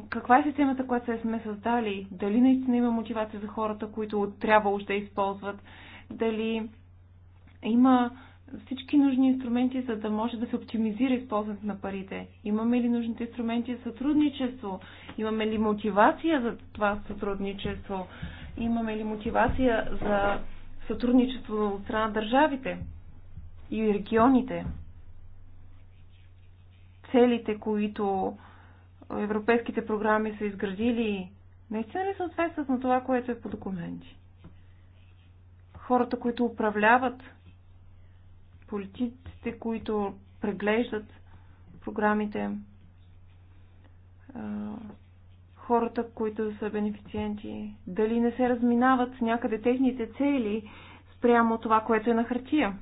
каква е системата, която се сме създали, дали наистина има мотивация за хората, които трябва още да използват, дали има всички нужни инструменти, за да може да се оптимизира използването на парите? Имаме ли нужните инструменти за сътрудничество? Имаме ли мотивация за това сътрудничество? Имаме ли мотивация за сътрудничество от страна на държавите и регионите? Целите, които европейските програми са изградили, наистина ли съответстват на това, което е по документи? Хората, които управляват политиците, които преглеждат програмите, хората, които са бенефициенти, дали не се разминават някъде техните цели спрямо това, което е на хартия.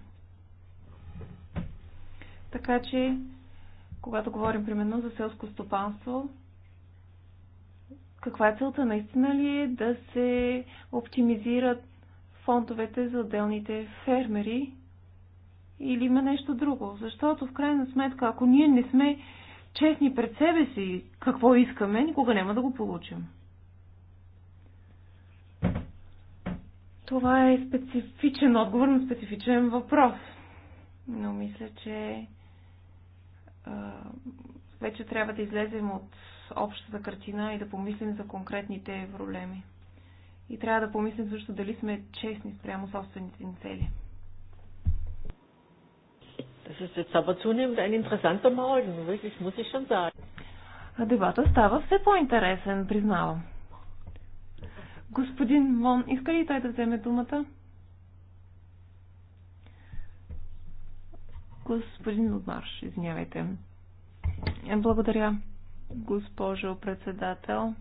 Така че, когато говорим примерно за селско стопанство, каква е целта? Наистина ли е да се оптимизират фондовете за отделните фермери или има нещо друго. Защото в крайна сметка, ако ние не сме честни пред себе си какво искаме, никога няма да го получим. Това е специфичен отговор на специфичен въпрос. Но мисля, че а, вече трябва да излезем от общата картина и да помислим за конкретните проблеми. И трябва да помислим също дали сме честни спрямо собствените ни цели. Das ist jetzt aber zunehmend ein interessanter Morgen, wirklich, muss ich schon sagen. Дебата става все по-интересен, признавам. Господин Вон, иска ли той да вземе думата? Господин Лудмарш, извинявайте. Благодаря, госпожо председател.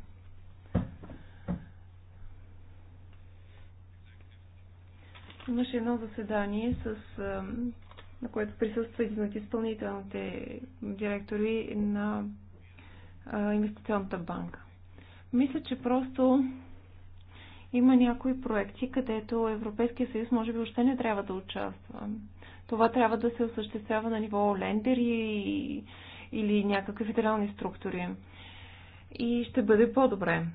Имаше едно заседание с на което присъства един от изпълнителните директори на инвестиционната банка. Мисля, че просто има някои проекти, където Европейския съюз може би още не трябва да участва. Това трябва да се осъществява на ниво лендери или някакви федерални структури. И ще бъде по-добре.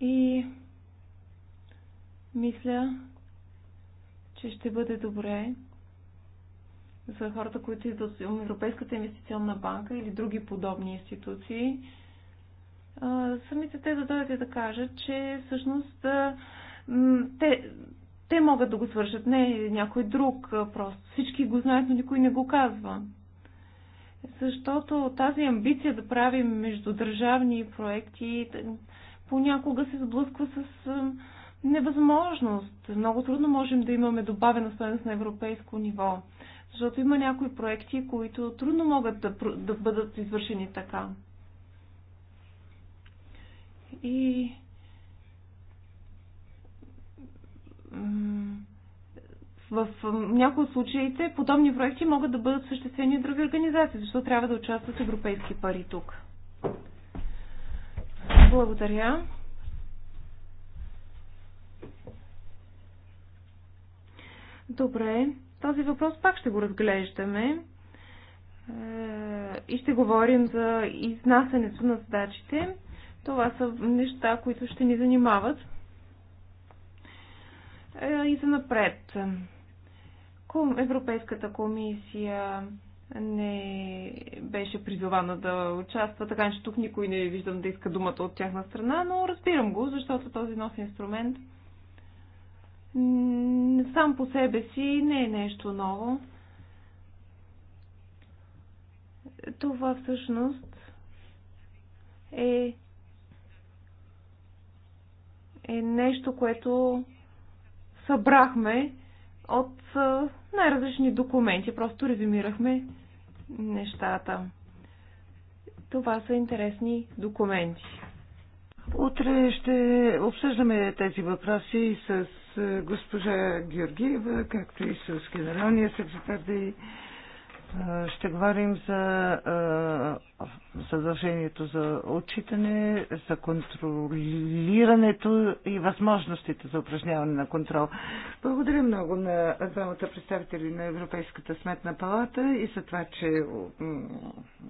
И мисля, че ще бъде добре за хората, които идват от Европейската инвестиционна банка или други подобни институции, самите те да дойдат и да кажат, че всъщност те, те могат да го свършат, не е някой друг, просто всички го знаят, но никой не го казва. Защото тази амбиция да правим междудържавни проекти понякога се сблъсква с невъзможност. Много трудно можем да имаме добавена стоеност на европейско ниво, защото има някои проекти, които трудно могат да, да бъдат извършени така. И в някои от случаите подобни проекти могат да бъдат съществени от други организации, защото трябва да участват европейски пари тук. Благодаря. Добре, този въпрос пак ще го разглеждаме е, и ще говорим за изнасянето на задачите. Това са неща, които ще ни занимават е, и за напред. Европейската комисия не беше призована да участва, така че тук никой не виждам да иска думата от тяхна страна, но разбирам го, защото този нов инструмент – сам по себе си не е нещо ново. Това всъщност е, е нещо, което събрахме от най-различни документи. Просто резюмирахме нещата. Това са интересни документи. Утре ще обсъждаме тези въпроси с е, госпожа Георгиева, както и с генералния секретар да и е, ще говорим за е, задължението за отчитане, за контролирането и възможностите за упражняване на контрол. Благодаря много на двамата представители на Европейската сметна палата и за това, че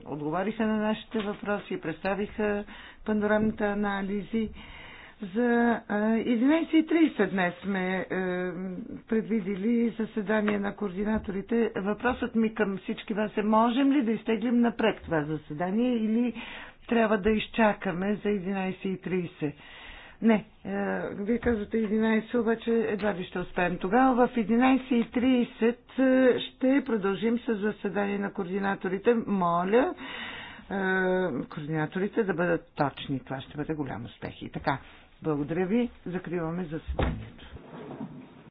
отговориха на нашите въпроси и представиха панорамните анализи. За 11.30 днес сме е, предвидили заседание на координаторите. Въпросът ми към всички вас е, можем ли да изтеглим напред това заседание или трябва да изчакаме за 11.30? Не, е, вие казвате 11, обаче едва ли ще успеем. Тогава в 11.30 е, ще продължим с заседание на координаторите. Моля, координаторите да бъдат точни. Това ще бъде голям успех. И така. Благодаря ви. Закриваме заседанието.